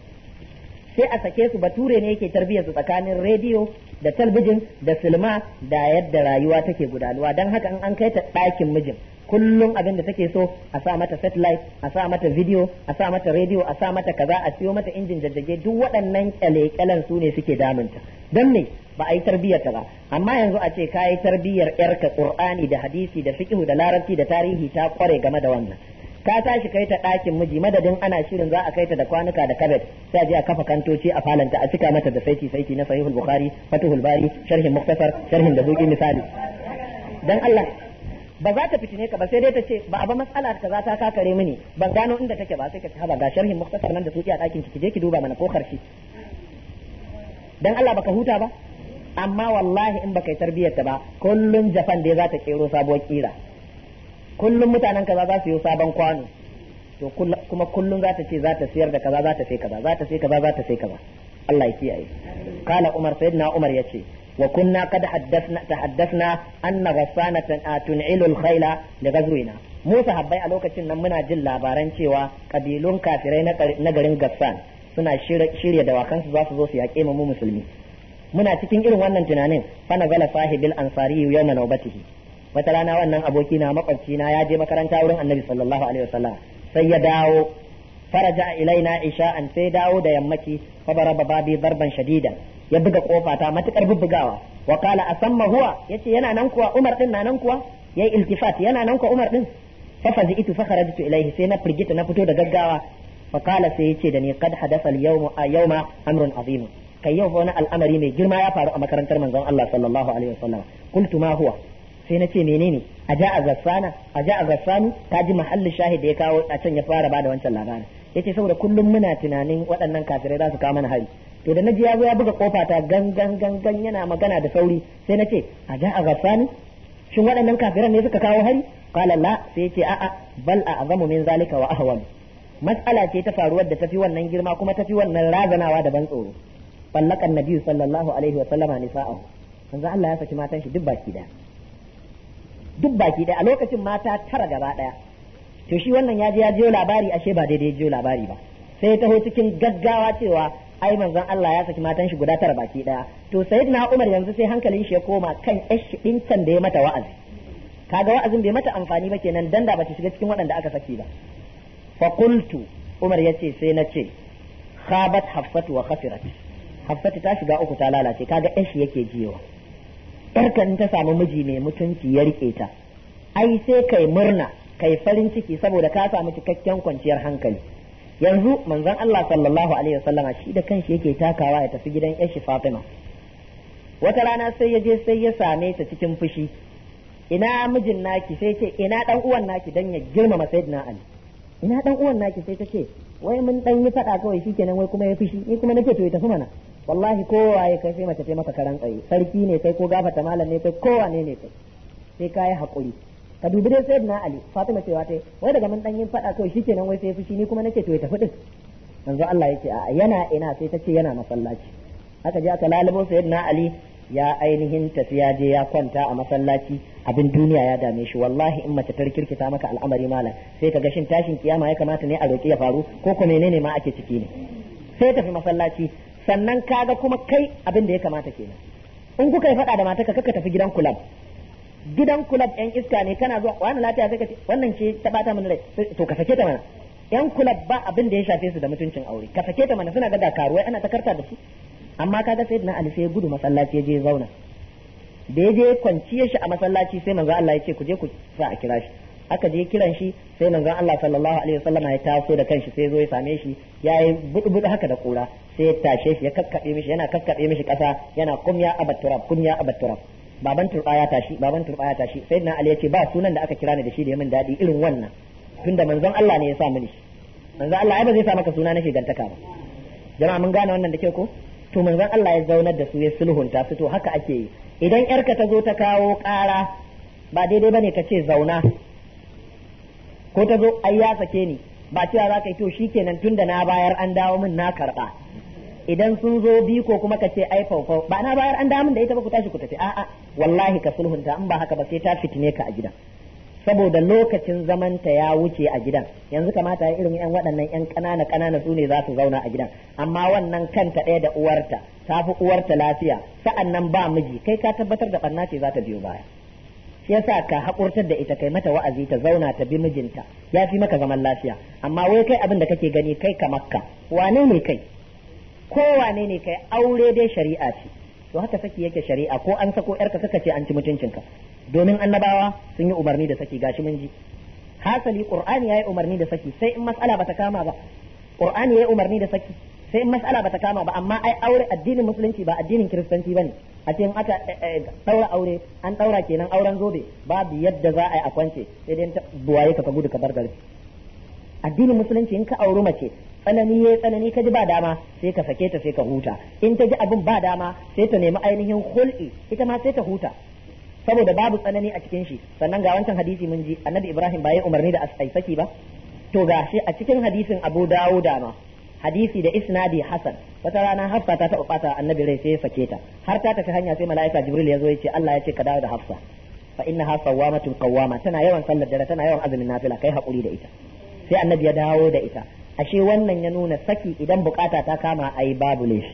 Speaker 1: sai a sake su bature ne yake tarbiyyar su tsakanin rediyo da talbijin da silma da yadda rayuwa take gudanuwa don haka in an kai ta ɗakin mijin kullum abin da take so a sa mata satellite a sa mata video a sa mata radio a sa mata kaza a siyo mata injin jajjage duk waɗannan kyale-kyalen su ne suke damunta don me ba a yi tarbiyyar ta ba amma yanzu a ce ka yi tarbiyyar yarka ƙur'ani da hadisi da fiƙihu da larabci da tarihi ta ƙware game da wannan ka tashi kai ta ɗakin miji madadin ana shirin za a kai ta da kwanuka da kabet sai je a kafa kantoci a falanta a cika mata da saiti saiti na sahihul bukhari fatuhul bari sharhin muktasar sharhin da zuki misali dan Allah ba za ta fitine ka ba sai dai ta ce ba a ba mas'ala ta za ta kakare mini ban gano inda take ba sai ka haba ga sharhin muktasar nan da zuki a ɗakin ki je ki duba mana ko karshe dan Allah baka huta ba amma wallahi in baka yi tarbiyyar ta ba kullun jafan dai za ta kero sabuwar kira kullum mutanen kaza za su yi sabon kwano to kuma kullum za ta ce za ta siyar da kaza za ta sai kaza za ta sai kaza za ta sai kaza Allah ya kiyaye kala Umar na Umar yace wa kunna kad haddathna tahaddathna anna ghassanatan atun'ilu al-khayla li ghazwina mu sahabbai a lokacin nan muna jin labaran cewa kabilun kafirai na garin Gassan suna shirya dawakansu za su zo su yaƙe mu musulmi muna cikin irin wannan tunanin fa nazala sahibil ansari yawma nawbatihi wata rana wannan aboki na makwabci na ya je makaranta wurin annabi sallallahu alaihi wasallam sai ya dawo faraja ilaina isha'an sai dawo da yammaci fa baraba babi darban shadidan ya buga kofa ta matukar bubbugawa wa qala asamma huwa yace yana nan kuwa umar din na nan kuwa yayi iltifat yana nan kuwa umar din fa fazitu fa kharajtu ilaihi sai na firgita na fito da gaggawa fa qala sai yace da ni qad hadatha al-yawma yawma amrun azim kai yau wani al'amari mai girma ya faru a makarantar manzon Allah sallallahu alaihi wasallam kuntu ma huwa sai na ce menene a ja a gassana a ja a gassanu ta ji mahallin shahid da ya kawo a can ya fara bada wancan labarin yace saboda kullum muna tunanin waɗannan kafirai za su kawo mana hari to da naji ya zo ya buga kofa ta gangan gangan yana magana da sauri sai na ce a ja a gassanu shin waɗannan kafiran ne suka kawo hari qala la sai yace a'a bal a azamu min zalika wa ahwan mas'ala ce ta faruwar da tafi wannan girma kuma tafi wannan razanawa da ban tsoro fallakan nabi sallallahu alaihi wa sallama nisa'ahu manzo Allah ya saki matan shi duk baki daya duk baki ɗaya a lokacin mata tara gaba ɗaya to shi wannan ya je ya jiyo labari ashe ba daidai jiyo labari ba sai ya taho cikin gaggawa cewa ai manzon Allah ya saki matan shi guda tara baki ɗaya to sayyidina Umar yanzu sai hankalin shi ya koma kan ƴashi ɗin can da ya mata wa'azi kaga wa'azin bai mata amfani ba kenan dan da ba ta shiga cikin waɗanda aka saki ba fa qultu Umar yace sai na ce khabat hafsatu wa khasirat hafsatu ta shiga uku ta lalace kaga ƴashi yake jiyowa yarka in ta samu miji mai mutunci ya rike ta ai sai kai murna kai farin ciki saboda ka samu cikakken kwanciyar hankali yanzu manzon Allah sallallahu alaihi wasallama shi da kanshi yake takawa ya tafi gidan yashi Fatima wata rana sai ya je sai ya same ta cikin fushi ina mijin naki sai ce ina dan uwan naki dan ya girmama sayyidina Ali ina dan uwan naki sai ta ce wai mun dan yi fada kawai shikenan wai kuma ya fushi ni kuma nake to ya tafi mana wallahi kowa ya kai sai mace ta maka karan tsaye sarki ne kai ko gafata malam ne kai kowa ne ne kai sai ka yi ka dubi dai sai na ali fatima cewa ta wai daga mun dan yin faɗa kai shikenan wai sai fushi ni kuma nake to ya tafi din manzo Allah yake a yana ina sai ta ce yana masallaci aka je aka lalubo sayyidina ali ya ainihin tafiya je ya kwanta a masallaci abin duniya ya dame shi wallahi in mace ta rikirkita maka al'amari malam sai ka ga shin tashin kiyama ya kamata ne a roki ya faru ko ko menene ma ake ciki ne sai tafi masallaci sannan ka ga kuma kai abin da ya kamata kenan in kuka yi faɗa da matarka kaka tafi gidan kulab gidan kulab yan iska ne kana zuwa wani lafiya sai ka ce wannan ce ta bata mana rai to ka sake ta mana yan kulab ba abin da ya shafe su da mutuncin aure ka sake ta mana suna ga karuwai ana ta karta da su amma kaga na ali sai gudu masallaci ya je zauna da ya je kwanciya shi a masallaci sai manzo Allah ya ce ku je ku sa a kira shi aka je kiran shi sai manzon Allah sallallahu alaihi wasallam ya taso da kanshi sai zo ya same shi yayi budu haka da kura sai ya tashe shi ya kakkabe mishi yana kakkabe mishi kasa yana kunya ya abatturab kum abatturab baban turba ya tashi baban turba ya tashi sai na Ali ya ce ba sunan da aka kira ni da shi da yamin min dadi irin wannan tunda manzon Allah ne ya sa mini manzon Allah ai ba zai sa maka suna na shigantaka ba jama'a mun gane wannan da ke ko to manzon Allah ya zaunar da su ya sulhunta su to haka ake yi idan yarka ta zo ta kawo kara ba daidai bane ka ce zauna ko ta zo ai ya sake ni ba cewa za ka yi to tun da na bayar an dawo min na karɓa idan sun zo bi ko kuma ka ce ai faufau ba na bayar an dawo min da ita ba ku tashi ku tafi a'a wallahi ka sulhunta in ba haka ba sai ta fitine ka a gidan saboda lokacin zaman ta ya wuce a gidan yanzu kamata ya irin yan waɗannan yan ƙanana ƙanana su ne za su zauna a gidan amma wannan kanta ɗaya da uwarta ta fi uwarta lafiya sa'an nan ba miji kai ka tabbatar da ɓanna ce za ta biyo baya yasa ka haƙurtar da ita kai mata wa'azi ta zauna ta bi mijinta ya fi maka zaman lafiya amma wai kai abin da kake gani kai ka makka wane ne kai ko wane ne kai aure dai shari'a ce to haka saki yake shari'a ko an sako yarka suka ce an ci mutuncinka domin annabawa sun yi umarni da saki gashi mun ji hasali qur'ani yayi umarni da saki sai in mas'ala bata kama ba qur'ani yayi umarni da saki sai in mas'ala bata kama ba amma ai aure addinin musulunci ba addinin kiristanci bane a ce aka daura eh, eh, aure an daura kenan auren zobe babu yadda za a yi a kwance sai dai buwaye ka gudu ka bar gari addinin musulunci in ka auri mace tsanani ya tsanani ka ji ba dama sai ka sake ta sai ka huta in ta ji abin ba dama sai ta nemi ainihin hulɗi ita ma sai ta huta saboda babu tsanani a cikin shi sannan ga wancan hadisi mun ji annabi ibrahim ba ya umarni da a saki ba to gashi a cikin hadisin abu dawo dama hadisi da isnadi hasan wata rana hafsa ta taɓa ɓata annabi rai sai ya sake ta har ta tafi hanya sai mala'ika jibril ya zo ya ce Allah ya ce ka dawo da hafsa fa inna hafsa sawwamatun qawama tana yawan sallar dare tana yawan azumin nafila kai hakuri da ita sai annabi ya dawo da ita ashe wannan ya nuna saki idan bukata ta kama ai babu laifi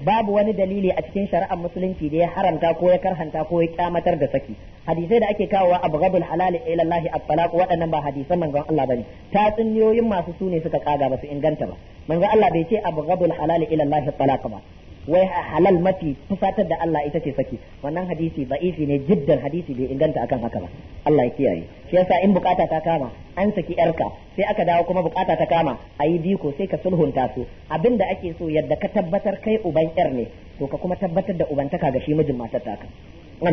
Speaker 1: babu wani dalili a cikin shari'ar musulunci da ya haramta ko ya karhanta ko ya kyamatar da saki hadisai da ake kawowa a bagabul halal ila Allah waɗannan ba hadisan manzon Allah bane ta tsinniyoyin masu sune suka kaga ba su inganta ba manzon Allah bai ce abghadul halal ila Allah at ba wai halal mafi fusatar da Allah ita ce saki wannan hadisi ba isi ne jiddan hadisi bai inganta akan haka ba Allah ya kiyaye shi yasa in bukata ta kama an saki yarka sai aka dawo kuma bukata ta kama ayi biko sai ka sulhunta su abinda ake so yadda ka tabbatar kai uban yar ne to ka kuma tabbatar da ubantaka ga shi mijin matar taka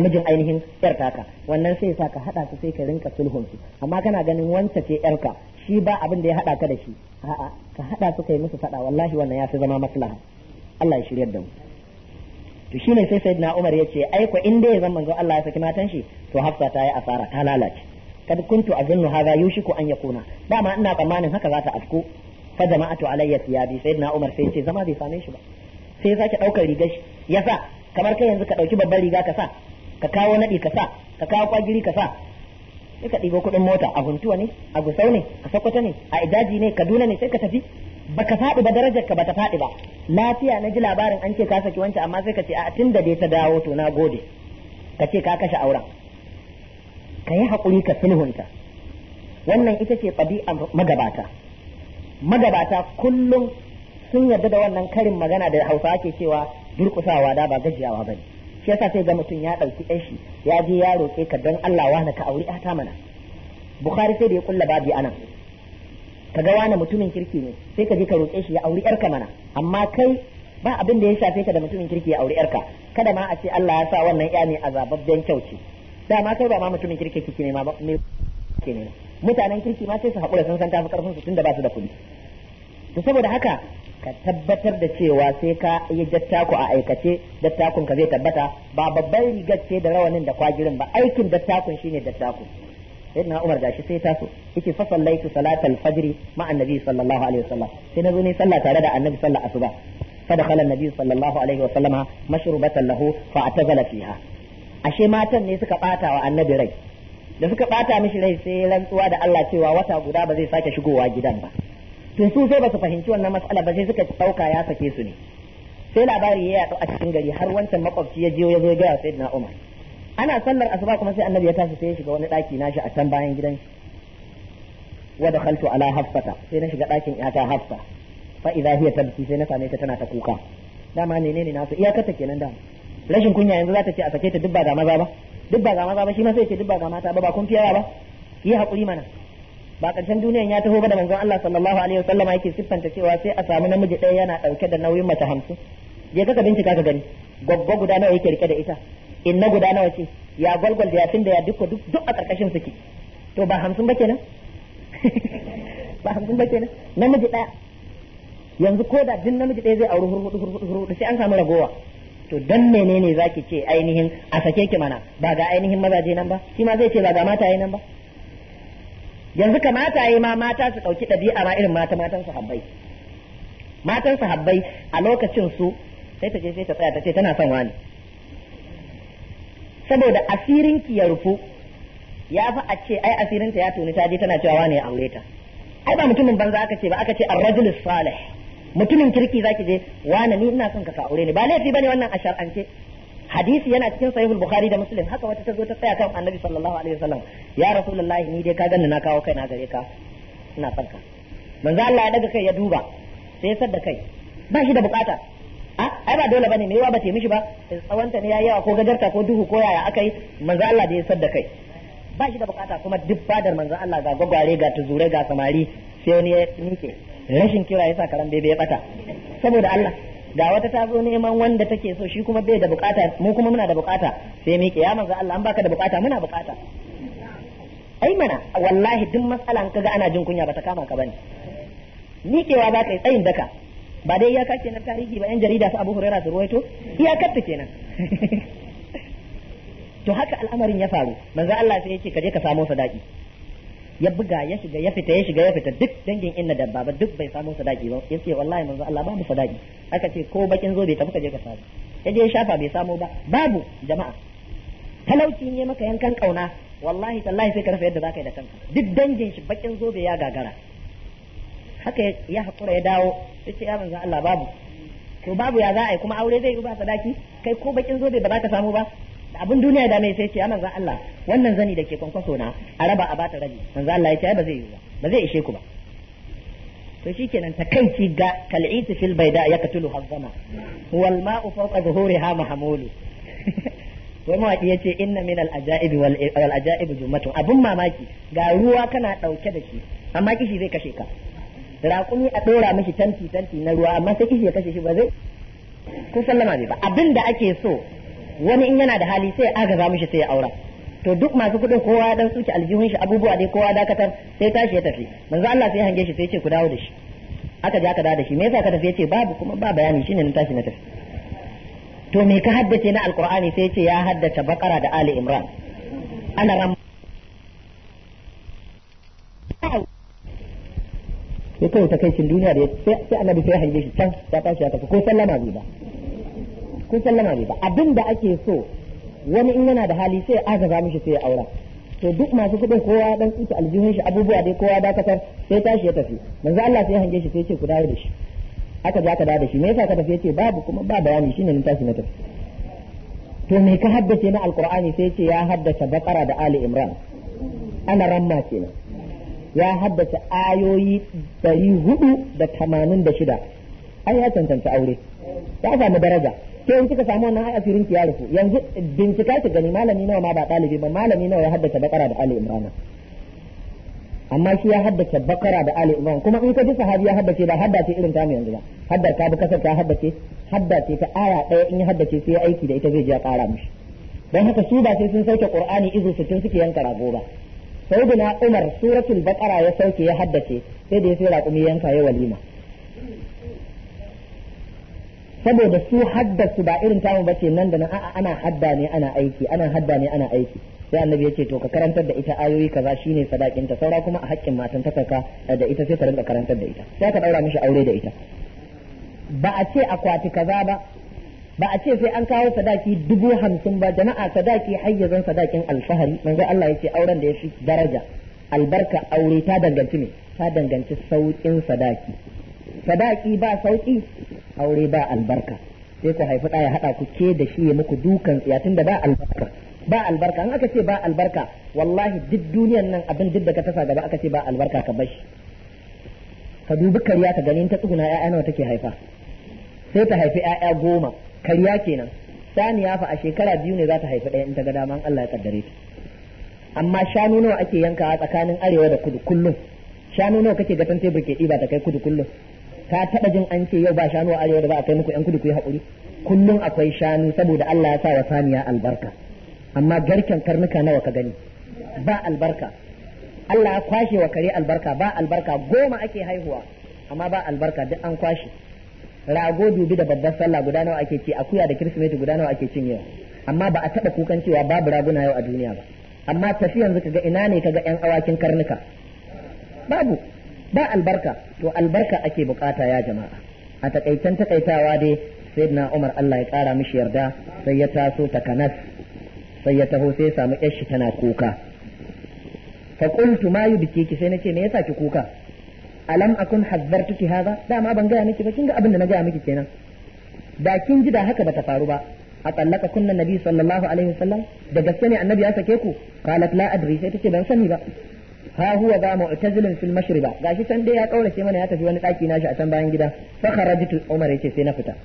Speaker 1: mijin ainihin yar taka wannan sai sa ka hada su sai ka rinka sulhun su amma kana ganin wanta ce yarka shi ba abin da ya hada ka da shi a'a ka hada su kai musu fada wallahi wannan ya fi zama maslaha Allah ya shiryar da mu to shine sai sayyidina Umar yace ai ko in ya zan manzon Allah ya saki matan shi to Hafsa ta yi asara ta lalace kad kuntu azunnu hadha yushiku an yakuna ma ina tsammanin haka za ta afku fa jama'atu alayya thiyabi sayyidina Umar sai yace zama bai same shi ba sai ya sake daukar rigar shi ya sa kamar kai yanzu ka dauki babbar riga ka sa ka kawo nadi ka sa ka kawo kwagiri ka sa sai ka dibo kuɗin mota a huntuwa ne a gusau ne a sokoto ne a idaji ne kaduna ne sai ka tafi baka faɗi ba darajar ka bata faɗi ba lafiya na ji labarin an ce ka saki wancan amma sai ka ce a tun da dai ta dawo to na gode ka ce ka kashe auren ka yi haƙuri ka sulhunta wannan ita ce a magabata magabata kullum sun yarda da wannan karin magana da hausa ake cewa durƙusawa da ba gajiyawa ba ne shi yasa sai ga mutum ya ɗauki ɗan shi ya je ya roƙe ka don Allah wani ka auri ta mana Bukhari sai da ya kulla babi anan ka ga wani mutumin kirki ne sai ka je ka roƙe shi ya auri yarka mana amma kai ba abin da ya shafe ka da mutumin kirki ya auri yarka kada ma a ce Allah ya sa wannan ya ne azababben kyauci dama kai ba ma mutumin kirki kike ne ma ne ne mutanen kirki ma sai su haƙura sun san tafi karfin su tunda ba su da kuɗi to saboda haka ka tabbatar da cewa sai ka yi dattako a aikace dattakon ka zai tabbata ba babbar rigar ce da rawanin da kwagirin ba aikin dattakon shine dattakon sayyidina Umar gashi sai taso yace fa sallaitu salatal fajr ma annabi sallallahu alaihi wasallam sai nazo ne sallah tare da annabi sallah asuba fa dakhala annabi sallallahu alaihi wasallama mashrubatan lahu fa atazala fiha ashe matan ne suka ɓata wa annabi rai da suka ɓata mishi rai sai rantsuwa da Allah cewa wata guda ba zai sake shigowa gidan ba tun su so ba su fahimci wannan matsala ba sai suka ɗauka ya sake su ne sai labari ya yaɗu a cikin gari har wancan makwabci ya je ya zo ya ga sayyidina Umar ana sallar asuba kuma sai annabi ya tashi sai ya shiga wani daki nashi a can bayan gidan wa dakhaltu ala hafsata sai na shiga dakin yata hafsa fa idza hiya tabki sai na same ta tana ta kuka dama ne na nasu iyakar ta kenan da rashin kunya yanzu za ta ce a sake ta dubba ga maza ba dubba ga maza ba shi ma sai ce dubba ga mata ba ba kun fiya ba yi hakuri mana ba ƙarshen duniyan ya taho ba da manzon Allah sallallahu alaihi wasallama yake siffanta cewa sai a samu namiji ɗaya yana ɗauke da nauyin mace hamsin je ka bincika ka gani gogo guda nawa yake rike da ita in na guda nawa ce ya gwalgwal da yafin da ya duk duk a karkashin suke to ba hamsin ba kenan ba hamsin ba kenan namiji ɗaya yanzu ko da din namiji ɗaya zai auri hurhudu hurhudu hurhudu sai an samu ragowa to dan menene zaki ce ainihin a sake ki mana ba ga ainihin mazaje nan ba shi ma zai ce ba ga mataye nan ba yanzu mata yi ma mata su ɗauki ɗabi'a ma irin mata matan su habbai matan su habbai a lokacin su sai ta je sai ta tsaya ta ce tana son wani saboda asirin ki ya rufu ya fi a ce ai asirinta ya tuni ta je tana cewa wane ya aure ta ai ba mutumin banza aka ce ba aka ce ar-rajul salih mutumin kirki zaki je wane ni ina son ka aure ni ba laifi bane wannan a shar'ance hadisi yana cikin sahihul bukhari da muslim haka wata ta ta tsaya kan annabi sallallahu alaihi wasallam ya rasulullahi ni dai ka ganni na kawo kai na gare ka ina son ka manzo Allah ya daga kai ya duba sai ya sadda kai ba shi da bukata a ai ba dole bane me yawa ba ta mishi ba eh, tsawanta ne yayi yawa ko gajarta ko duhu ko yaya akai manzo Allah da ya sadda kai ba shi da bukata kuma duk fadar manzo Allah ga gwagware ga tuzure ga samari sai wani ya nike rashin kira yasa karan bebe ya bata saboda Allah ga wata ta zo neman wanda take so shi kuma bai da bukata mu kuma muna da bukata sai mike ya manzo Allah an baka da bukata muna bukata ai mana wallahi duk mas'alan kaga ana jin kunya bata kama ka bane mikewa za ka yi tsayin daka ba dai iyaka kenan tarihi ba yan jarida su Abu hurera su ruwaito iyakar ta kenan to haka al'amarin ya faru manzo Allah sai yake kaje ka samo sadaki ya buga ya shiga ya fita ya shiga ya fita duk dangin inna da ba duk bai samu sadaki ba yace wallahi manzo Allah babu sadaki aka ce ko bakin zo bai tafi ka ka samu ya je shafa bai samu ba babu jama'a talauci ne maka yankan kauna wallahi tallahi sai ka rafa yadda zaka yi da kanka duk dangin shi bakin zobe ya gagara haka ya haƙura ya dawo ce ya manzan Allah babu to babu ya za a yi kuma aure zai yi ba sadaki kai ko bakin zobe ba za ka samu ba abin duniya da mai sai ce ya manzan Allah wannan zani da ke kwankwaso na a raba a bata rabi manzan Allah ya ce ba zai yi ba ba zai ishe ku ba to shikenan takaici ga kal'it fil bayda ya katulu hazzama wal ma'u fawqa zuhuriha mahmulu wai mawaƙi ya ce inna min al'ajaibi wal ajaib jumatu abun mamaki ga ruwa kana ɗauke da shi amma kishi zai kashe ka raƙumi a ɗora mashi tanti tanti na ruwa amma sai kishi ya kashe shi ba zai ko sallama bai ba abin da ake so wani in yana da hali sai agaza mashi sai ya aura to duk masu kuɗin kowa ya dan tsuke aljihun shi abubuwa dai kowa dakatar sai tashi ya tafi manzo Allah sai hange shi sai ce ku dawo da shi aka je aka dawo da shi me yasa ka tafi yace babu kuma ba bayani shine na tashi na tafi to me ka haddace na alqur'ani sai yace ya haddace bakara da ali imran ana Oh. ya kai ta kai shi duniya da sai annabi sai hange shi can ya tashi ya tafi ko sallama bai ba ko sallama bai ba abin da ake so wani in yana da hali sai azaba mishi sai ya aura to duk masu kuɗin kowa dan tsuta aljihun shi abubuwa dai kowa kasar sai tashi ya tafi manzo Allah sai hange shi sai ce ku dawo da shi aka je ka dawo da shi me yasa ka tafi yace babu kuma ba bayani shine ni tashi na tafi to me ka haddace na alqur'ani sai ce ya haddace bakara da ali imran ana ramma kenan ya haddasa ayoyi ɗari hudu da tamanin da shida ai ya cancanci aure ya samu daraja ke in kika samu wannan asirin ki ya rufu yanzu bincika ki gani malami nawa ma ba ɗalibi ba malami nawa ya haddasa bakara da ali imrana amma shi ya haddace bakara da ali imran kuma in ka ji sahabi ya haddace ba haddace irin ta yanzu ba haddar ka bi kasar ta haddace haddace ta aya ɗaya in ya haddace sai aiki da ita zai ji ya ƙara mishi don haka su ba sai sun sauke qur'ani izu tun suke yanka rago ba sayyidina Umar suratul bakara ya sauke ya haddace sai da ya sai raƙumi yanka ya walima saboda su haddasu ba irin tamu ce nan da nan a'a ana hadda ne ana aiki ana hadda ne ana aiki sai annabi ce to ka karantar da ita ayoyi kaza shine sadakin ta saura kuma a haƙƙin matan ta kaka da ita sai ka rinka karantar da ita sai ka daura mishi aure da ita ba a ce akwati kaza ba ba a ce sai an kawo sadaki dubu hamsin ba jama'a sadaki hayyazan sadakin alfahari manzo Allah ya ce auren da ya fi daraja albarka aure ta danganci ne ta danganci sauƙin sadaki sadaki ba sauƙi aure ba albarka sai ku haifi ɗaya haɗa ku ke da shi ya muku dukan tsiyatin da ba albarka ba albarka in aka ce ba albarka wallahi duk duniyan nan abin duk da ka tasa gaba aka ce ba albarka ka bashi ka dubi kariya ka gani ta tsuguna yaya nawa take haifa sai ta haifi yaya goma kariya kenan saniya fa a shekara biyu ne za ta haifi ɗaya in ta ga daman Allah ya kaddare ta amma shanu nawa ake a tsakanin arewa da kudu kullum shanu nawa kake ga tebur ke ɗiba ta kai kudu kullum ka taɓa jin an ce yau ba shanu a arewa da ba a kai muku yan kudu ku yi haƙuri kullum akwai shanu saboda Allah ya sa wa saniya albarka amma garken karnuka nawa ka gani ba albarka Allah ya kwashe wa kare albarka ba albarka goma ake haihuwa amma ba albarka duk an kwashe rago dubi da babbar sallah guda nawa ake ci akuya da kirsimeti guda nawa ake cin yau amma ba a taba kukan cewa babu raguna yau a duniya ba amma tafi yanzu kaga ina ne kaga yan awakin karnuka babu ba albarka to albarka ake bukata ya jama'a a takaitan takaitawa dai sayyidina Umar Allah ya kara mishi yarda sai ya taso kanas sai ya taho sai ya samu yashi tana kuka fa qultu ma yubkiki sai nace me yasa ki kuka alam akun hazzartuki hadha dama ban gaya miki ba kinga ga abin da na gaya miki kenan da kin ji da haka bata faru ba a tsallaka kunna nabi sallallahu alaihi wasallam da gaske ne annabi ya sake ku qalat la adri sai tace ban sani ba ha huwa ba mu'tazilin fil mashriba gashi san dai ya kaurace mana ya tafi wani daki shi a can bayan gida fa kharajtu umar yace sai na fita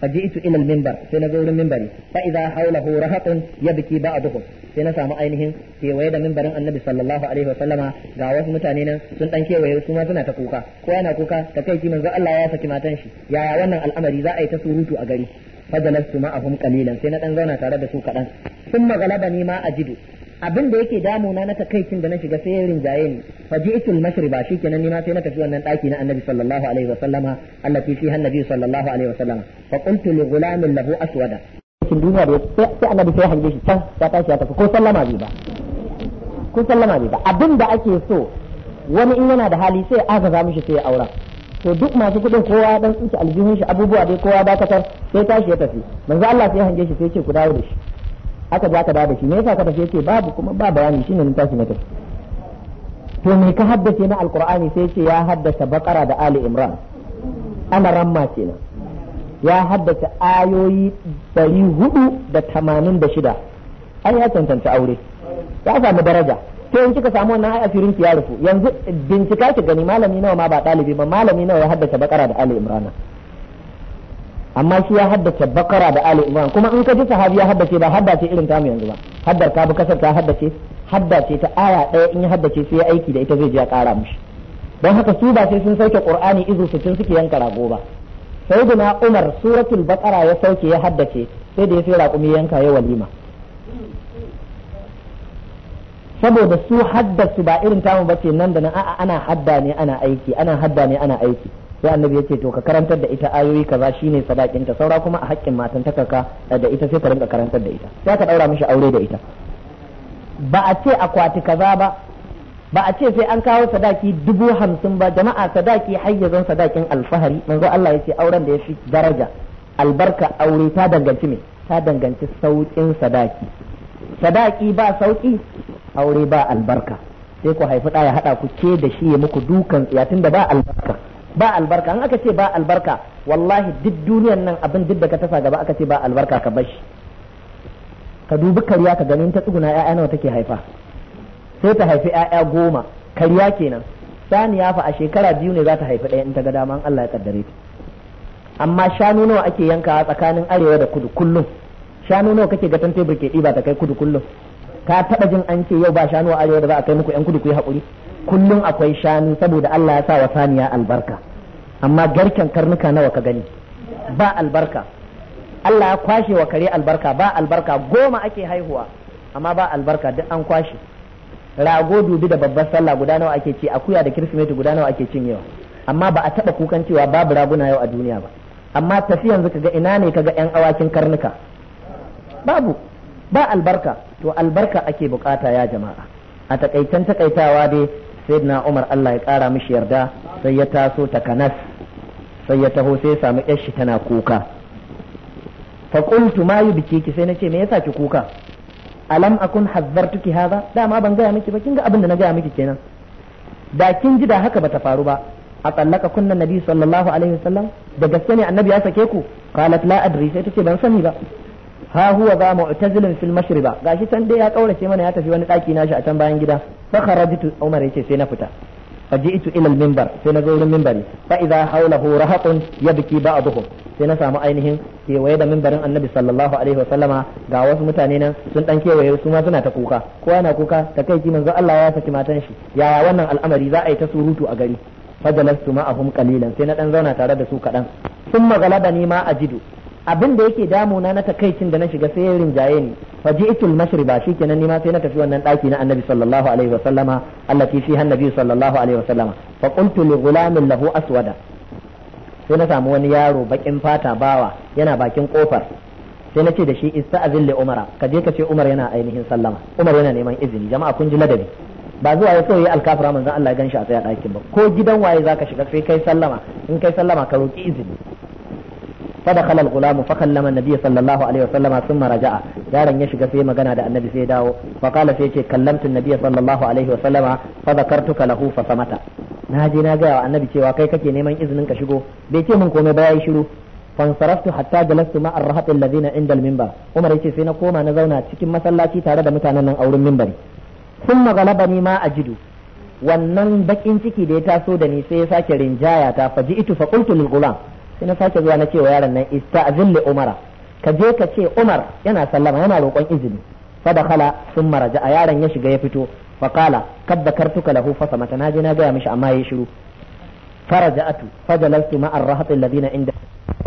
Speaker 1: فجئت الى المنبر سنزور المنبر فاذا حوله رهق يبكي بعضهم sai na samu ainihin kewaye da mimbarin annabi sallallahu alaihi wa sallama ga wasu mutane nan sun dan kewaye su ma suna ta kuka ko yana kuka ta kai manzo Allah ya saki matan shi yaya wannan al'amari za a yi ta surutu a gari fajalastu ma'ahum qalilan sai na dan zauna tare da su kadan sun magalaba ni ma ajidu abin da yake damuna na takaicin da na shiga sai ya rinjaye ni fa ji'tul mashriba shikenan ni ma sai na tafi wannan daki na annabi sallallahu alaihi wa sallama allati fiha annabi sallallahu alaihi wa sallama fa qultu li ghulamin lahu aswada cikin duniya da sai annabi sai hange shi can ya tashi ya tafi ko sallama bai ba ko sallama bai ba abin da ake so wani in yana da hali sai agaza mishi sai ya aura to duk masu kuɗin kowa dan tsinci aljihun shi abubuwa dai kowa da dakatar sai tashi ya tafi manzo Allah sai hange shi sai ce ku dawo da shi aka ja ka da shi me yasa ka tafi yace babu kuma ba bayani shine mun tashi mata to me ka haddace na alqur'ani sai yace ya haddace baqara da ali imran ana ramma kenan ya haddace ayoyi ɗari ai da tamanin ya cancanci aure ya samu daraja to in kika samu wannan ai ki ya rufu yanzu bincika ki gani malami nawa ma ba ɗalibi ba malami nawa ya haddace bakara da ali imran amma shi ya haddace bakara da ali imran kuma in ka ji sahabi ya haddace ba haddace irin tamu yanzu ba haddar ka bi kasar ta haddace haddace ta aya ɗaya in ya haddace sai ya aiki da ita zai je ya ƙara mishi don haka su ba sai sun sauke qur'ani izu tun suke yanka rago ba na umar suratul bakara ya sauke ya haddace sai da ya sai raƙumi yanka ya walima saboda su haddasu ba irin tamu bace nan da nan a'a ana hadda ne ana aiki ana hadda ne ana aiki sai annabi ya ce to ka karantar da ita ayoyi kaza shine sadakin ta saura kuma a haƙƙin matan ta kaka da ita sai ka rinka karantar da ita sai ka daura mishi aure da ita ba a ce akwati kaza ba ba a ce sai an kawo sadaki dubu hamsin ba jama'a sadaki zan sadakin alfahari zo Allah ya ce auren da ya fi daraja albarka aure ta danganci me ta danganci saukin sadaki sadaki ba sauki aure ba albarka sai ku haifi ɗaya haɗa ku ke da shi ya muku dukan tsiya tun da ba albarka ba albarka an aka ce ba albarka wallahi duk duniyan nan abin duk da ka tasa gaba aka ce ba albarka ka bashi ka dubi kariya ka ganin ta tsuguna yaya nawa take haifa sai ta haifi ƴaƴa goma kariya kenan saniya fa a shekara biyu ne za ta haifi ɗaya in ta ga dama in Allah ya kaddare ta amma shanu nawa ake yankawa tsakanin arewa da kudu kullum shanu nawa kake ga tebur ke ɗiba ta kai kudu kullum ka taɓa jin an ce yau ba shanu a arewa da za a kai muku yan kudu ku yi haƙuri kullum akwai shanu saboda Allah ya sa wa saniya albarka amma garken karnuka nawa ka gani ba albarka Allah ya kwashe wa kare albarka ba albarka goma ake haihuwa amma ba albarka duk an kwashe rago dubi da babbar sallah guda nawa ake ci akuya da kirsimeti guda nawa ake yawa amma ba a taba kukan cewa babu raguna yau a duniya ba amma tafi yanzu kaga ina ne ka ga yan awakin karnuka babu ba albarka to albarka ake bukata ya jama'a a takaitan takaitawa dai sayyidina Umar Allah ya kara mishi yarda sai ya taso takanas sai ya taho sai ya samu yar shi tana kuka fa qultu ma yubkiki sai nace me yasa ki kuka alam akun hazzartuki haza dama ban gaya miki ba kin ga abin da na gaya miki kenan da kin ji da haka bata faru ba a tsallaka kunnan nabi sallallahu alaihi wasallam da gaske ne annabi ya sake ku qalat la adri sai tace ban sani ba ha huwa za mu'tazilun fil mashriba gashi can dai ya kaurace mana ya tafi wani daki nashi a can bayan gida fa kharajtu umar yace sai na fita fa ji'tu ila al minbar sai na zo wurin minbari fa idza hawlahu rahaqun yabki ba'dhum sai na samu ainihin kewaye da minbarin annabi sallallahu alaihi wa sallama ga wasu mutane nan sun dan kewaye su ma suna ta kuka kowa yana kuka ta kai manzo Allah ya saki matan shi yaya wannan al'amari za a yi ta surutu a gari a ma'ahum qalilan sai na dan zauna tare da su kadan sun magalaba ni ma ajidu abin da yake damuna na takaicin da na shiga sai ya rinjaye ni fa ji'tul mashriba shikenan ni ma sai na tafi wannan daki na annabi sallallahu alaihi wasallama allati fi annabi sallallahu alaihi wasallama fa qultu li ghulamin lahu aswada sai na samu wani yaro bakin fata bawa yana bakin kofar sai na ce da shi ista'zin li umara ka je ka ce umar yana ainihin sallama umar yana neman izini jama'a kun ji ladabi ba zuwa ya kawai alkafira manzon Allah ya ganshi a tsaye a ba ko gidan waye zaka shiga sai kai sallama in kai sallama ka roki izini فدخل الغلام فكلم النبي صلى الله عليه وسلم ثم رجع دارن يشغى في مغنى ده النبي سي داو فقال سي يجي كلمت النبي صلى الله عليه وسلم فذكرتك له فصمت ناجي نا ga annabi cewa kai kake neman izinin ka shigo bai ce mun komai baya yayi shiru fansaraftu hatta jalastu ma arhat alladhina inda al umar yace sai na koma na zauna cikin masallaci tare da mutanen nan a wurin minbari thumma galabani ma jidu. wannan bakin ciki da ya taso da ni sai ya sake rinjaya ta faji ita fa qultu lil gulam sai na sake zuwa na ce wa yaron nan ista'zin li umara ka je ka ce umar yana sallama yana roƙon izini fa sun thumma a yaron ya shiga ya fito fa qala kad dakartuka lahu fa samata na je na ga mishi amma yayi shiru faraja'atu fa jalastu ma'a ar-rahat alladhina inda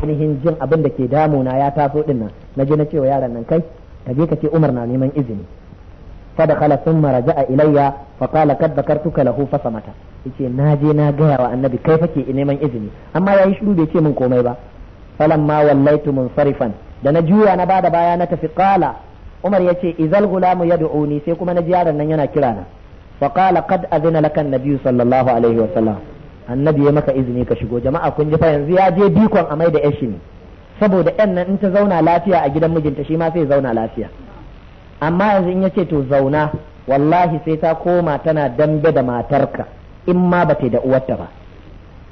Speaker 1: ainihin jin abin da ke damuna ya taso din nan na je na ce wa yaron nan kai ka je ka ce umar na neman izini fa sun thumma raja'a ilayya fa qala kad dakartuka lahu fa samata yace na je na gaya wa annabi kai fake neman izini amma ya yi shiru bai ce min komai ba falamma wallaitu munsarifan da na juya na bada baya na tafi qala umar yace izal gulamu yad'uni sai kuma na ji yaron nan yana kira na fa qala qad adina laka annabi sallallahu alaihi wa sallam annabi ya maka izini ka shigo jama'a kun ji fa yanzu ya je bikon amai da yashi ne saboda yan nan in ta zauna lafiya a gidan mijinta shi ma sai zauna lafiya amma yanzu in yace to zauna wallahi sai ta koma tana dambe da matarka in ma ba ta da uwarta ba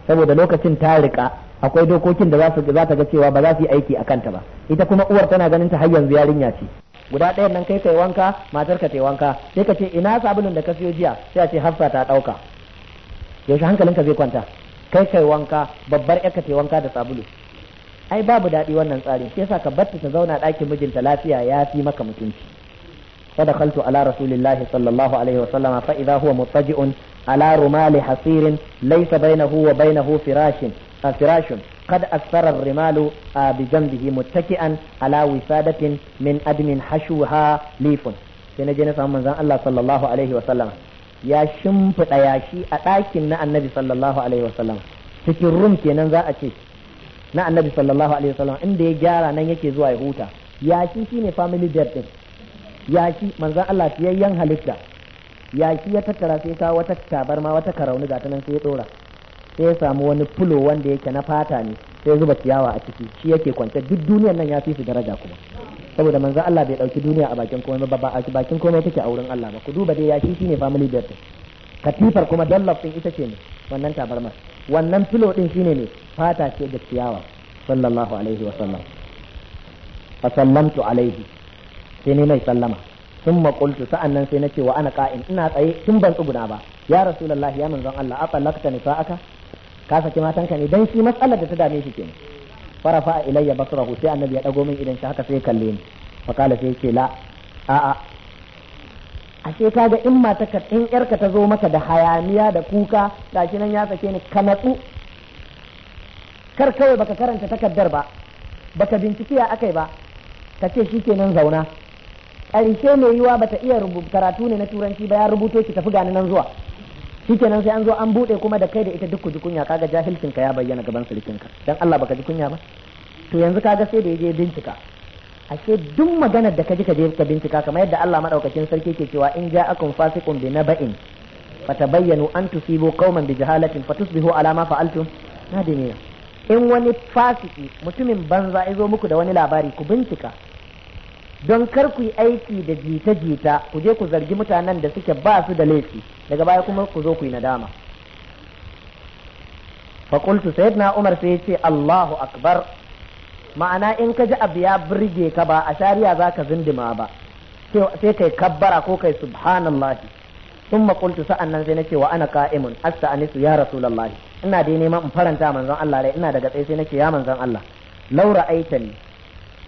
Speaker 1: saboda lokacin ta rika akwai dokokin da za su ta ga cewa ba za su yi aiki a kanta ba ita kuma uwar tana ganin ta har yanzu yarinya ce guda ɗaya nan kai kai wanka matar ka tai wanka sai ka ce ina sabulun da ka siyo jiya sai a ce hafsa ta ɗauka yaushe hankalinka zai kwanta kai kai wanka babbar yarka tai wanka da sabulu ai babu daɗi wannan tsari sai yasa ka batta ta zauna ɗakin mijinta lafiya ya fi maka mutunci فدخلت ala rasulillahi sallallahu alaihi wa sallama fa فإذا huwa مضطجئ ala rumali hasirin laysa bainahu wa bainahu firashin firashun قد أثر الرمال بجنبه متكئا على وسادة من أدم حشوها ليف سنجينا سامن زان الله صلى الله عليه وسلم يا شمف ياشي أتاكن النبي صلى الله عليه وسلم cikin rum kenan za a ce na annabi sallallahu alaihi wasallam inda ya gyara nan yake zuwa ya huta yashi shine family bed din yashi manzon Allah fiyayyen halitta yaki ya tattara sai ta wata tabarma wata karauni ga nan sai ya dora sai ya samu wani fulo wanda yake na fata ne sai zuba ciyawa a ciki shi yake kwance duk duniyar nan ya fi su daraja kuma saboda manzo Allah bai dauki duniya a bakin komai ba a bakin komai take a wurin Allah ba ku duba dai yaki shine family bed katifar kuma dallaf din ita ce ne wannan ma wannan filo din shine ne fata ce da ciyawa sallallahu alaihi wa sallam fa sallamtu alaihi sai ne mai sallama sun maƙultu sa'an nan sai na ce wa ana ƙa'in ina tsaye tun ban tsuguna ba ya rasu rasulullahi ya manzan Allah a tsallakta ni fa'aka ka saki matanka ne dan shi matsalar da ta dame shi kenan farafa ilayya basrahu sai annabi ya dago min idan shi haka sai kalle ni fa kala sai la a'a ashe ga in matarka in yarka ta zo maka da hayaniya da kuka gashi nan ya sake ni ka natsu kar kawai baka karanta takardar ba baka bincike ya akai ba ka ce nan zauna ƙarshe mai yiwa bata iya karatu ne na turanci ba ya rubuto ki tafi gani nan zuwa shikenan sai an zo an bude kuma da kai da ita duk ku ji kunya kaga jahilcin ka ya bayyana gaban sulkin ka dan Allah baka ji kunya ba to yanzu kaga sai da yaje bincika ashe duk maganar da ka ji ka je ka bincika kamar yadda Allah madaukakin sarki ke cewa in ja'akum fasiqun bi naba'in fatabayyanu an tusibu qauman bi jahalatin fatusbihu ala ma fa'altum nadimiya in wani fasiki mutumin banza ya zo muku da wani labari ku bincika don kar ku yi aiki da jita-jita ku je ku zargi mutanen da suke ba su da laifi daga baya kuma ku zo ku yi nadama faƙultu sayyidina umar sai yace allahu akbar ma'ana in ka ji abu ya birge ka ba a shari'a zaka ka zindima ba sai kai kabbara ko kai subhanallahi thumma qultu sa'an nan sai na ce wa ana ka'imun asta anisu ya rasulullahi ina dai neman in faranta manzon Allah rai ina daga tsaye sai nake ya manzon Allah laura aitani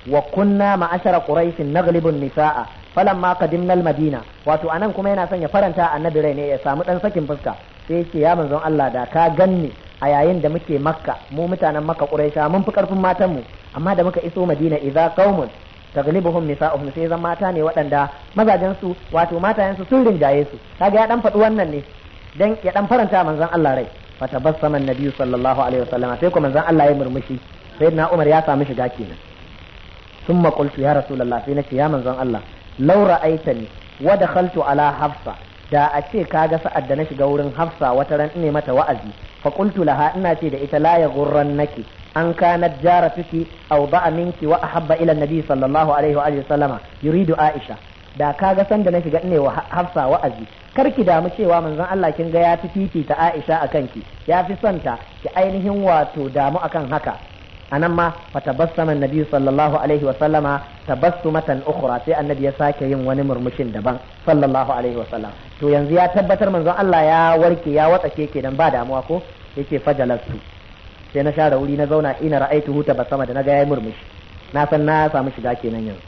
Speaker 1: wa kunna ma'ashara quraish naglibun nisaa falamma qadimna madina wato anan kuma yana son ya faranta annabi rai ne ya samu dan sakin fuska sai yace ya manzon Allah da ka ganni a yayin da muke makka mu mutanen makka quraisha mun fi karfin matan mu amma da muka iso madina idza qaumun taglibuhum nisaa'uhum sai zan mata ne waɗanda mazajen su wato matayen su sun rinjaye su kaga ya dan faɗi wannan ne dan ya dan faranta manzon Allah rai tabassama annabi sallallahu alaihi wasallam sai ko manzon Allah ya murmushi sayyidina Umar ya samu shiga kenan summa qultu ya rasulullah sai nace ya manzon Allah Laura ra'aitani wa dakhaltu ala hafsa da a ce ga sa'ad da na shiga wurin hafsa wata ran ne mata wa'azi fa qultu laha ina ce da ita la ya naki an kanat jaratuki aw ba'a minki wa ahabba ila nabi sallallahu alaihi wa alihi sallama yuridu aisha da kaga san da na shiga ne wa hafsa wa'azi karki damu cewa manzon Allah kin ga ya fi ta Aisha akan ki ya fi son ta ki ainihin wato damu akan haka anan ma fatabassama annabi sallallahu alaihi wa sallama tabassumatan ukhra sai annabi ya sake yin wani murmushin daban sallallahu alaihi wa sallam to yanzu ya tabbatar manzon Allah ya warke ya watsake kenan ba damuwa ko yake fajalastu sai na share wuri na zauna ina ba sama da naga yayi murmushi na san na samu shiga kenan yanzu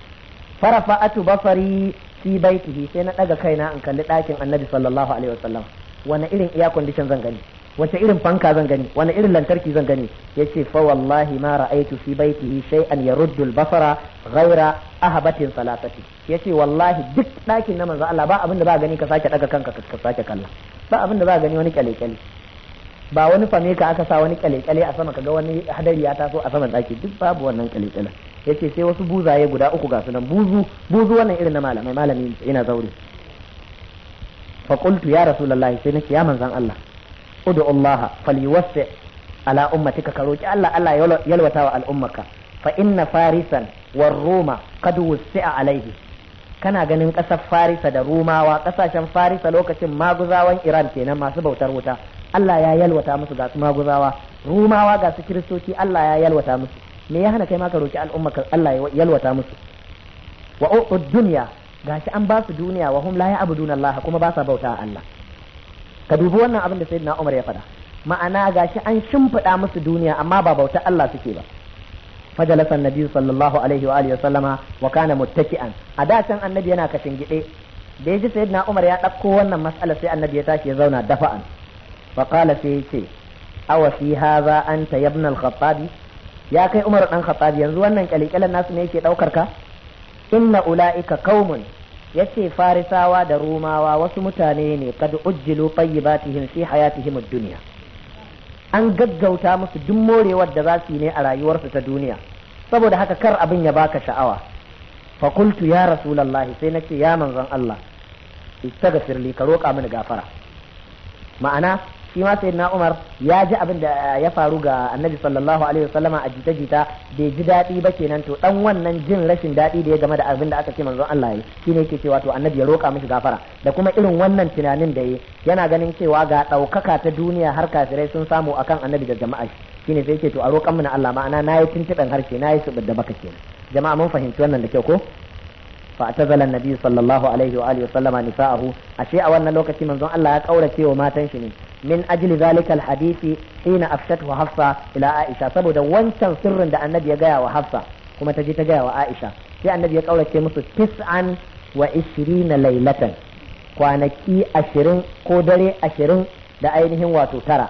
Speaker 1: farafa'atu basari fi baitihi sai na daga kaina in kalli ɗakin annabi sallallahu alaihi wa sallam wani irin iya condition zan gani wace irin fanka zan gani wani irin lantarki zan gani yace fa wallahi ma ra'aytu fi baitihi shay'an yaruddu al-basara ghaira ahbatin salatati yace wallahi duk dakin na manzo Allah ba abin da ba gani ka sake daga kanka ka sake kalla ba abin da ba gani wani kyale kyale ba wani fame ka aka sa wani kyale kyale a sama kaga wani hadari ya taso a sama daki duk babu wannan kyale kyale yace sai wasu buzaye guda uku ga su buzu buzu wannan irin na malamai malami ina zaure fa qultu ya rasulullahi sai nake ya manzon Allah ud'u Allah falyuwassi ala ummatika ka roki Allah Allah yalwata wa al'ummaka fa farisan war ruma qad wussi'a kana ganin ƙasar farisa da rumawa ƙasashen farisa lokacin maguzawan iran kenan masu bautar wuta Allah ya yalwata musu ga su maguzawa rumawa ga su kiristoci Allah ya yalwata musu me ya hana kai ma ka roki al'umma Allah ya yalwata musu wa dunya gashi an ba su duniya wa hum la ya'buduna Allah kuma ba sa bauta Allah ka dubi wannan abin da sayyidina Umar ya faɗa ma'ana gashi an shimfiɗa musu duniya amma ba bautar Allah suke ba fajalasa annabi sallallahu alaihi wa alihi wa sallama wa kana muttaki'an a da can annabi yana kashin gide da yaji sayyidina Umar ya dauko wannan mas'ala sai annabi ya tashi ya zauna dafa'an fa qala sai yace awa fi hadha anta ya ibn al ya kai Umar dan Khattabi yanzu wannan kalikalan nasu ne yake daukar ka inna ulaika qaumun yace farisawa da rumawa wasu mutane ne kad ujjilu tayyibatihim fi hayatihim ad-dunya an gaggauta musu duk morewar da za su yi ne a rayuwarsu ta duniya saboda haka kar abin ya baka sha'awa fa qultu ya rasulullahi sai nace ya manzon Allah istaghfir li ka roƙa mini gafara ma'ana shi ma na Umar ya ji abin da eh, ya faru ga Annabi sallallahu alaihi wasallama a jita-jita bai ji daɗi ba kenan to dan wannan jin rashin daɗi da ya game da abin da aka ce manzon Allah yi shine yake cewa to Annabi ya roƙa mishi gafara da kuma irin wannan tunanin da yi yana ganin cewa ga ɗaukaka ta duniya har kafirai sun samu akan Annabi da jama'a shine sai yake to a roƙan na Allah ma'ana nayi tuntuɓen harshe nayi su da baka kenan jama'a mun fahimci wannan da kyau ko فاعتزل النبي صلى الله عليه واله وسلم نساءه ashe a wannan lokaci manzon Allah ya kaurace wa matan shi ne min ajli zalika alhadisi hina afshatu hafsa ila aisha saboda wancan sirrin da annabi ya gaya wa hafsa kuma ta je ta gaya wa aisha sai annabi ya kaurace musu tis'an wa ishirina lailatan kwanaki ashirin ko dare ashirin da ainihin wato tara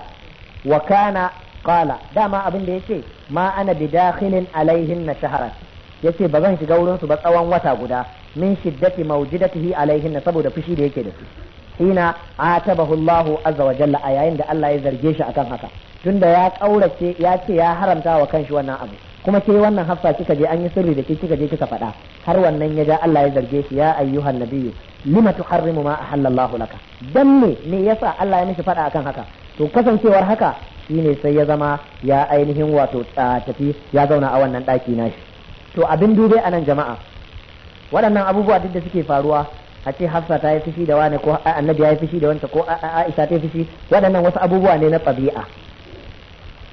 Speaker 1: wakana kana qala dama abin da yace ma ana bidakhilin alaihin na shaharan yace ba zan shiga wurin su ba tsawon wata guda min shiddati mawjidatihi alaihin saboda fushi da yake da su hina atabahu Allahu azza wa jalla a yayin da Allah ya zarge shi akan haka tunda ya kaurace ya ce ya haramta wa kanshi wannan abu kuma ke wannan hafsa kika je an yi sirri da ke kika je kika faɗa har wannan ya ja Allah ya zarge shi ya ayyuhan nabiyyu lima tuharrimu ma ahallallahu laka dan me me yasa Allah ya mishi faɗa akan haka to kasancewar haka shine sai ya zama ya ainihin wato tafi ya zauna a wannan ɗaki nashi to abin dubai anan jama'a waɗannan abubuwa duk da suke faruwa a ce hafsa ta yi fushi da wani ko annabi ya yi fushi da wanta ko aisha ta yi fushi waɗannan wasu abubuwa ne na ɗabi'a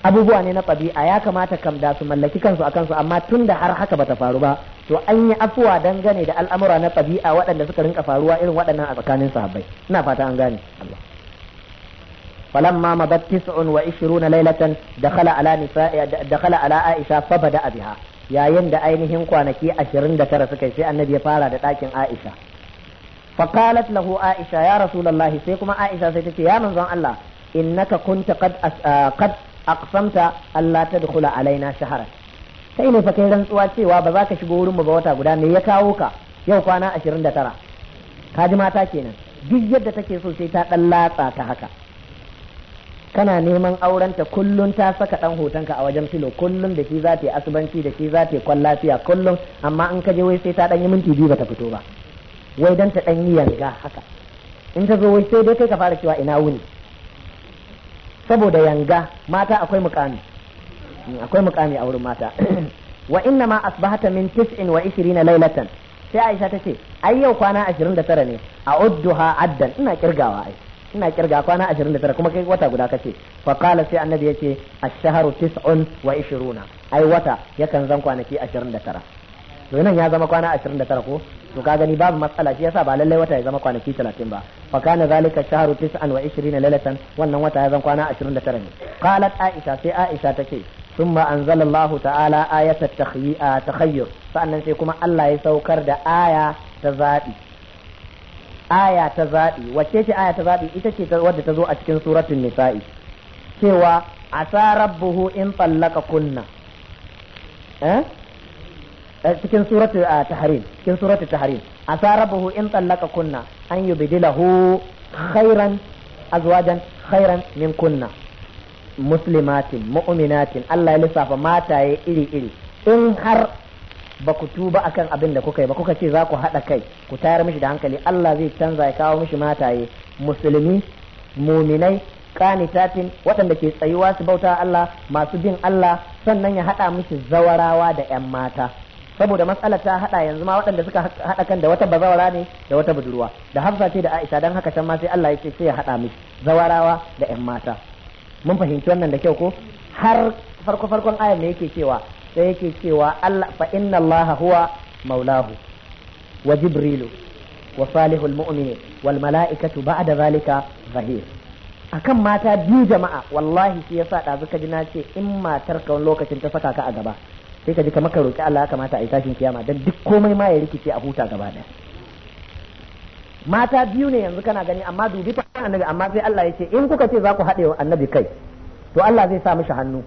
Speaker 1: abubuwa ne na ɗabi'a ya kamata kam da su mallaki kansu a kansu amma tun da har haka bata faru ba to an yi afuwa dangane da al'amura na ɗabi'a waɗanda suka rinka faruwa irin waɗannan a tsakanin sahabbai ina fata an gane Allah فلما مضت تسع وعشرون ليلة دخل على نساء دخل على عائشة فبدأ بها yayin da ainihin kwanaki ashirin da tara suka yi sai annabi ya fara da ɗakin Aisha faqalat lahu aisha ya lallahi sai kuma aisha sai ce ya manzon Allah ka kunta qad qad aqsamta alla tadkhula alaina shahara kai ne fa rantsuwa cewa ba za ka shigo wurin mu ba wata guda ne ya kawo ka yau kwana 29 ka ji mata kenan duk yadda take so sai ta dan latsa ta haka kana neman aurenta kullum ta saka dan hotonka a wajen filo kullum da shi za ta yi asubanci da shi za ta yi kwan lafiya kullum amma in ka je wai sai ta dan yi minti biyu ba ta fito ba wai dan ta dan yi yanga haka in ta zo wai sai dai kai ka fara cewa ina wuni saboda yanga mata akwai mukami hmm, akwai mukami a wurin mata wa inna ma asbahata min tisin wa 29 laylatan sai Aisha ta ce ai yau kwana 29 ne a udduha addan ina kirgawa ai ina kirga kwana 29 kuma kai wata guda kace fa qala sai annabi yace ash-shahru 29 ai wata yakan zan kwanaki 29 to nan ya zama kwana 29 ko to ka gani babu matsala shi yasa ba lallai wata ya zama kwanaki talatin ba fa kana zalika shahru 29 lailatan wannan wata ya zama kwana tara ne qalat aisha sai aisha take thumma anzalallahu ta'ala ayata ah, takhayyur sannan sai kuma Allah ya saukar da aya ta zabi aya ta zabi wacce ce aya ta zabi ita ce wadda ta zo a cikin suratul nisa'i cewa asa rabbuhu in tallaka kunna eh Eh, cikin suratu eh, tahrim cikin suratu tahrim asa rabbuhu in tsallaka kunna an yubdilahu khairan azwajan khairan min kunna muslimatin mu'minatin Allah ya lissafa mataye iri iri in har ba ku tuba akan abin da kuka yi ba kuka ce za ku haɗa kai ku tayar mishi da hankali Allah zai canza ya kawo mishi mataye musulmi muminai kanitatin waɗanda ke tsayuwa su bauta Allah masu bin Allah sannan ya haɗa mishi zawarawa da 'yan mata saboda matsalar ta hada yanzu ma waɗanda suka hada kan da wata bazawara ne da wata budurwa da Hafsa ce da Aisha dan haka can ma sai Allah yake sai ya hada miki zawarawa da ƴan mata mun fahimci wannan da kyau ko har farko farkon ayar ne yake cewa sai yake cewa Allah fa inna Allah huwa maulahu wa jibrilu wa salihul mu'minin wal mala'ikatu ba'da zalika zahir akan mata biyu jama'a wallahi shi yasa da zuka ji na ce in matar ka lokacin ta saka ka a gaba sai ka ji kamar ka roƙi Allah ya kamata a yi tashin kiyama dan duk komai ma ya rikice a huta gaba ɗaya mata biyu ne yanzu kana gani amma dubi fa annabi amma sai Allah ya ce in kuka ce za ku haɗe wa annabi kai to Allah zai sa mishi hannu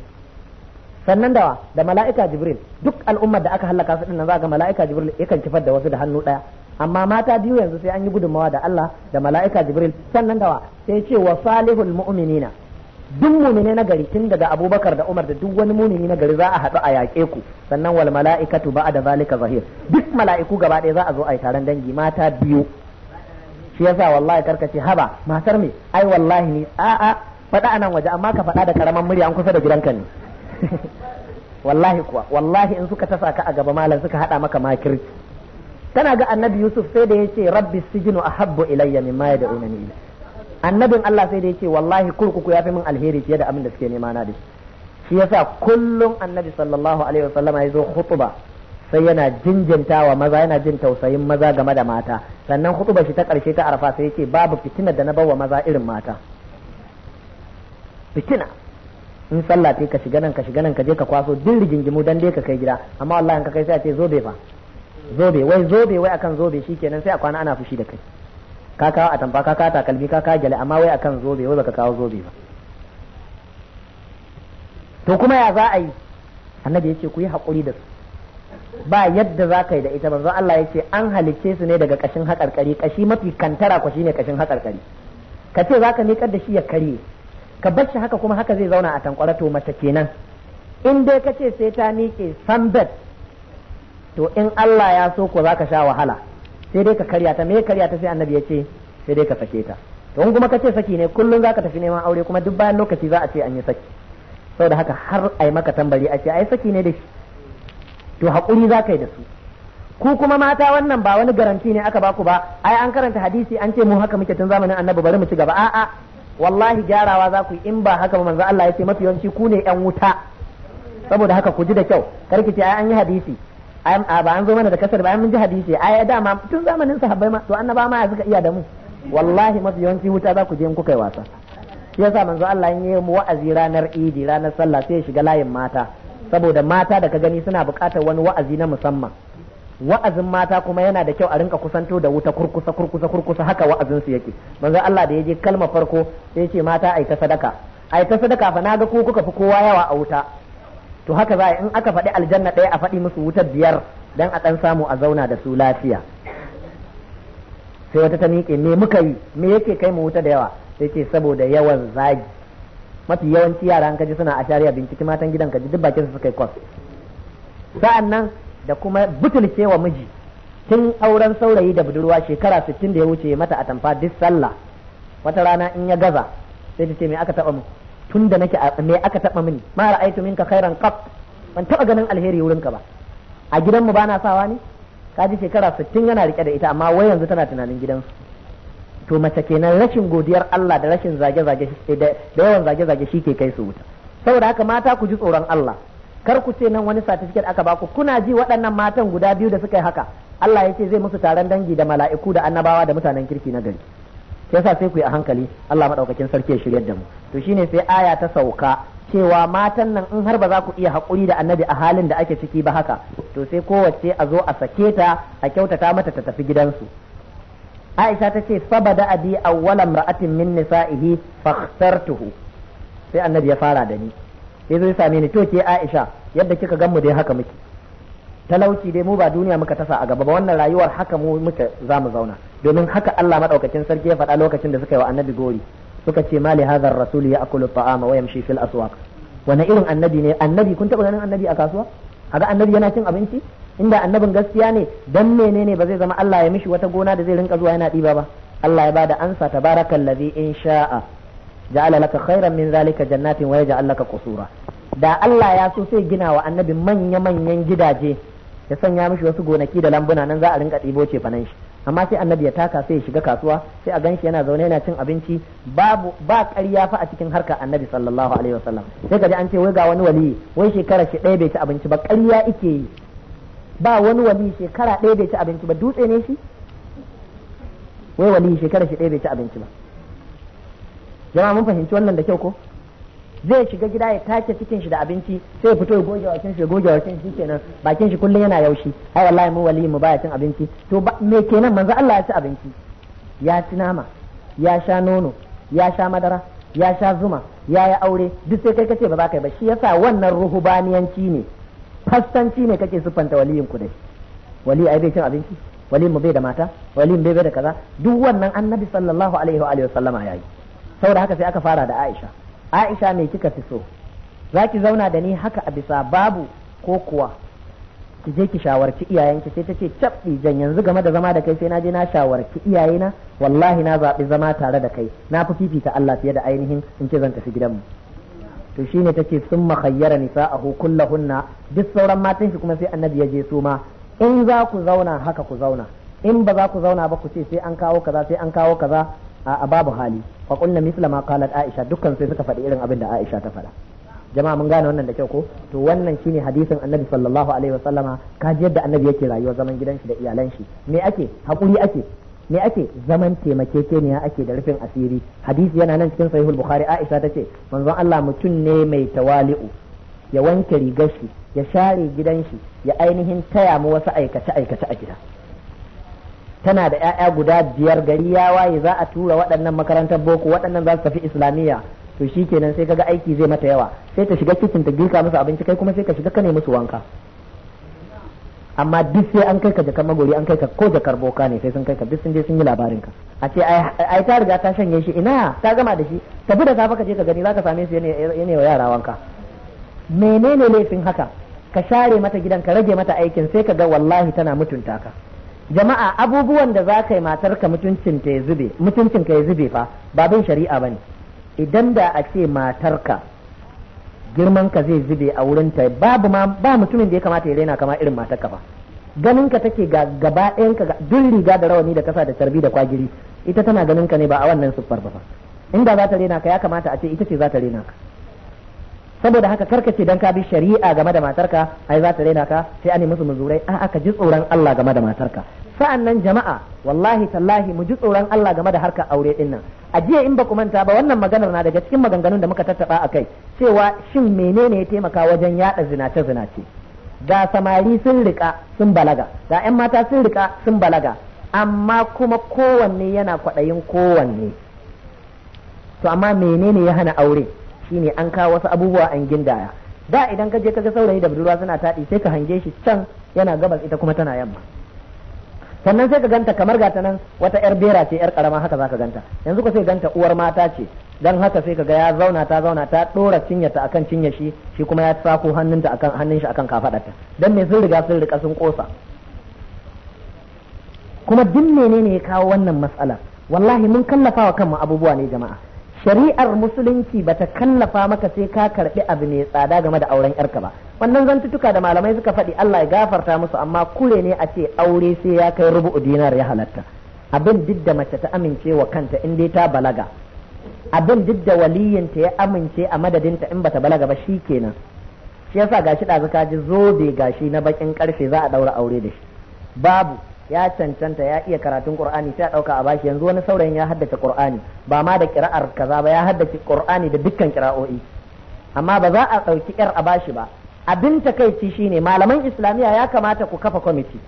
Speaker 1: sannan dawa da mala'ika jibril duk al'ummar da aka halaka su dinnan za ga mala'ika jibril yakan kifar da wasu da hannu ɗaya amma mata biyu yanzu sai an yi gudunmawa da Allah da mala'ika jibril sannan dawa sai ce wa salihul mu'minina duk mumine na gari tun daga abubakar da umar da duk wani mumini na gari za a haɗu a yaƙe ku sannan wal mala'ikatu ba da zalika zahir duk mala'iku gaba ɗaya za a zo a yi taron dangi mata biyu shi yasa wallahi karkace haba matar me ai wallahi ni a'a faɗa anan waje amma ka faɗa da karaman murya an kusa da gidanka ne wallahi kuwa wallahi in suka tasa ka a gaba malam suka haɗa maka makirci kana ga annabi yusuf sai da ya ce rabbi sijinu ahabbu ilayya mimma yad'unani annabin Allah sai da yake wallahi kurkuku ya fi min alheri fiye da abin da suke nema na da shi shi yasa kullum annabi sallallahu alaihi wasallama ya zo hutuba sai yana jinjinta wa maza yana jin tausayin maza game da mata sannan hutuba shi ta karshe ta arfa sai yake babu fitina da na bawa maza irin mata fitina in sallah ta ka shiga nan ka shiga nan ka je ka kwaso din rigingimu dan dai ka kai gida amma wallahi in ka kai sai a ce zobe fa zobe wai zobe wai akan zobe shikenan sai a kwana ana fushi da kai ka kawo a tamfa ka kawo takalmi ka kawo gyale amma wai akan zobe wai baka kawo zobe ba to kuma ya za a yi annabi ya ce ku yi haƙuri da su ba yadda za ka yi da ita manzo Allah ya ce an halicce su ne daga kashin haƙarƙari kashi mafi kantara ku shine kashin haƙarƙari ka ce za ka miƙar da shi ya karye ka bar shi haka kuma haka zai zauna a tankwara to mace kenan in dai ka ce sai ta miƙe sambet to in Allah ya so ku za ka sha wahala sai dai ka karya ta me karya ta sai annabi ya ce sai dai ka sake ta to in kuma kace saki ne kullun zaka tafi neman aure kuma duk bayan lokaci za a ce an yi saki saboda haka har ai maka tambari a ce ai saki ne da to hakuri zaka yi da su ku kuma mata wannan ba wani garanti ne aka baku ba ai an karanta hadisi an ce mu haka muke tun zamanin annabi bari mu ci gaba a'a wallahi gyarawa za ku yi in ba haka ba manzo Allah ya ce mafi yawanci ku ne yan wuta saboda haka ku ji da kyau karki ce ai an yi hadisi ba an zo mana da kasar bayan mun ji hadisi ai dama tun zamanin sahabbai ma to annaba ma ya suka iya da mu wallahi mafi yawanci wuta za ku je in kuka wasa shi yasa manzo Allah ya yi mu wa'azi ranar idi ranar sallah sai ya shiga layin mata saboda mata da ka gani suna buƙatar wani wa'azi na musamman wa'azin mata kuma yana da kyau a rinka kusanto da wuta kurkusa kurkusa kurkusa haka wa'azin su yake manzo Allah da ya je kalma farko sai ya ce mata ai ta sadaka ai ta sadaka fa naga ko kuka fi kowa yawa a wuta to haka za a in aka faɗi aljanna ɗaya a faɗi musu wutar biyar dan a ɗan samu a zauna da su lafiya sai wata ta miƙe me muka yi me yake kai mu wuta da yawa sai ce saboda yawan zagi mafi yawanci yara an kaji suna a shari'a binciki matan gidan kaji duk bakin su suka yi kwas sa'an nan da kuma wa miji tun auren saurayi da budurwa shekara sittin da ya wuce mata a tamfa duk sallah wata rana in ya gaza sai ta ce me aka taɓa mu tun da nake me aka taba mini ma ra'aytu minka khairan qat ban taba ganin alheri wurin ka ba a gidanmu ba na sawa ne ka ji shekara 60 yana rike da ita amma wai yanzu tana tunanin gidansu to mace kenan rashin godiyar Allah da rashin zage zage da yawan zage zage shi ke kai su wuta saboda haka mata ku ji tsoron Allah kar ku ce nan wani certificate aka baku kuna ji waɗannan matan guda biyu da suka yi haka Allah ya ce zai musu taron dangi da mala'iku da annabawa da mutanen kirki na gari sai sa sai ku yi a hankali Allah madaukakin sarki ya shiryar da mu to shine sai aya ta sauka cewa matan nan in har ba za ku iya haƙuri da annabi a halin da ake ciki ba haka to sai kowace a zo a sake ta a kyautata mata ta tafi gidansu Aisha ta ce sabada abi awwala mar'atin min nisa'ihi fakhtartuhu sai annabi ya fara da ni sai zo ya same ni to ke Aisha yadda kika gan mu dai haka muke talauci dai mu ba duniya muka tasa a gaba ba wannan rayuwar haka mu muka za mu zauna domin haka Allah madaukakin sarki ya faɗa lokacin da suka yi wa annabi gori suka ce mali hadhar rasul ya akulu ta'ama wa yamshi fil aswaq wani irin annabi ne annabi kun taɓa ganin annabi a kasuwa kaga annabi yana cin abinci inda annabin gaskiya ne dan menene ba zai zama Allah ya mishi wata gona da zai rinka zuwa yana ɗiba ba Allah ya bada ansa tabarakal ladhi in sha'a ja'ala laka khairan min zalika jannatin wa yaj'al laka qusura da Allah ya so sai gina wa annabi manya manyan gidaje ya sanya mishi wasu gonaki da lambuna nan za a rinka ɗibo ce fanan shi amma sai annabi ya taka sai ya shiga kasuwa sai a ganshi yana zaune yana cin abinci babu ba ƙarya fa a cikin harka annabi sallallahu alaihi wasallam sai ka ji an ce wai ga wani wali wai shekara shi ɗaya bai ci abinci ba ƙarya ike yi ba wani wali shekara ɗaya bai ci abinci ba dutse ne shi wai wali shekara shi ɗaya bai ci abinci ba jama'a mun fahimci wannan da kyau ko zai shiga gida ya take cikin shi da abinci sai ya fito goge wa shi goge wa shi kenan bakin shi kullun yana yaushi ai wallahi mu wali mu baya cin abinci to me kenan manzo Allah ya ci abinci ya ci nama ya sha nono ya sha madara ya sha zuma ya yi aure duk sai kai kace ba za ka ba shi yasa wannan ruhubaniyanci ne fastanci ne kake siffanta waliyin ku dai wali ai bai cin abinci wali mu bai da mata wali mu bai da kaza duk wannan annabi sallallahu alaihi wa alihi wasallama yayi saboda haka sai aka fara da Aisha aisha me kika fi so za ki zauna da ni haka a bisa babu ko kuwa ki je ki shawarci iyayenki sai ta ce cabbi jan yanzu game da zama da kai sai na je na shawarci iyayena wallahi na zaɓi zama tare da kai na fi fifita Allah fiye da ainihin in ce zan tafi gidanmu to shine tace sun makhayyara nisa'ahu hunna duk sauran matan shi kuma sai annabi ya je su ma in za ku zauna haka ku zauna in ba za ku zauna ba ku ce sai an kawo kaza sai an kawo kaza a babu hali fa qulna misla ma qalat aisha dukkan sai suka faɗi irin abin da aisha ta faɗa jama'a mun gane wannan da kyau ko to wannan shine hadisin annabi sallallahu alaihi wasallama kaji yadda annabi yake rayuwa zaman gidan da iyalan shi me ake hakuri ake me ake zaman taimakekeniya ake da rufin asiri hadisi yana nan cikin sahihul bukhari aisha tace manzon Allah mutum ne mai tawali'u ya wanke rigar shi ya share gidan shi ya ainihin taya mu wasu aikace aikace a gida tana da ƴaƴa guda biyar gari ya waye za a tura waɗannan makarantar boko waɗannan za su tafi islamiyya to shi kenan sai kaga aiki zai mata yawa sai ta shiga kicin ta girka musu abinci kai kuma sai ka shiga ka ne musu wanka amma duk sai an kai ka jakar magori an kai ka ko jakar boka ne sai sun kai ka duk sun je sun yi labarin ka a ce ai ta riga ta shanye shi ina ta gama da shi tafi da safe ka je ka gani zaka same su yana wa yara wanka menene laifin haka ka share mata gidan ka rage mata aikin sai ka ga wallahi tana mutunta ka jama'a abubuwan da za ka yi matarka mutuncin ya zube mutuncin ka ya zube fa ba bin shari'a bane idan da a ce matarka girman ka zai zube a wurin ta babu ma ba mutumin da ya kamata ya raina kama irin matarka ba ganin ka take ga gaba ɗayan ka duk riga da rawani da kasa da tarbi da kwagiri ita tana ganin ka ne ba a wannan siffar ba fa inda za ta raina ka ya kamata a ce ita ce za ta raina ka saboda haka karka ce dan ka bi shari'a game da matarka ai za ta raina ka sai an yi musu muzurai a aka ji tsoron Allah game da matarka sa'an nan jama'a wallahi tallahi mu ji tsoron Allah game da harkar aure din nan a jiya in ba ku manta ba wannan maganar na daga cikin maganganun da muka tattaba a kai cewa shin menene ya taimaka wajen yada zinace zinace ga samari sun rika sun balaga ga yan mata sun rika sun balaga amma kuma kowanne yana kwaɗayin kowanne to amma menene ya hana aure shine an kawo wasu abubuwa an gindaya da idan ka je ka ga saurayi da budurwa suna taɗi sai ka hange shi can yana gabas ita kuma tana yamma sannan sai ka ganta kamar gata nan wata yar bera ce yar karama haka zaka ganta yanzu ka sai ganta uwar mata ce dan haka sai ka ga ya zauna ta zauna ta dora ta akan cinya shi shi kuma ya tsako hannunta akan hannun shi akan kafadarta dan me sun riga sun rika sun kosa kuma din menene ya kawo wannan matsalar wallahi mun kallafa wa kanmu abubuwa ne jama'a shari'ar musulunci ba ta kallafa maka sai ka karbi abu mai tsada game da auren yarka ba wannan zantutuka da malamai suka faɗi Allah ya gafarta musu amma kure ne a ce aure sai ya kai rubu'u dinar ya halatta abin duk da mace ta amince wa kanta in dai ta balaga abin duk da waliyinta ya amince a madadinta in bata balaga ba shi kenan shi yasa gashi ɗazu ka ji zobe gashi na bakin karfe za a ɗaura aure da shi babu ya cancanta ya iya karatun qur'ani sai a dauka a bashi yanzu wani saurayin ya haddace qur'ani ba ma da kira'ar kaza ba ya haddace qur'ani da dukkan kira'o'i amma ba za a dauki yar a bashi ba abin takaici shine malaman islamiya ya kamata ku kafa kwamiti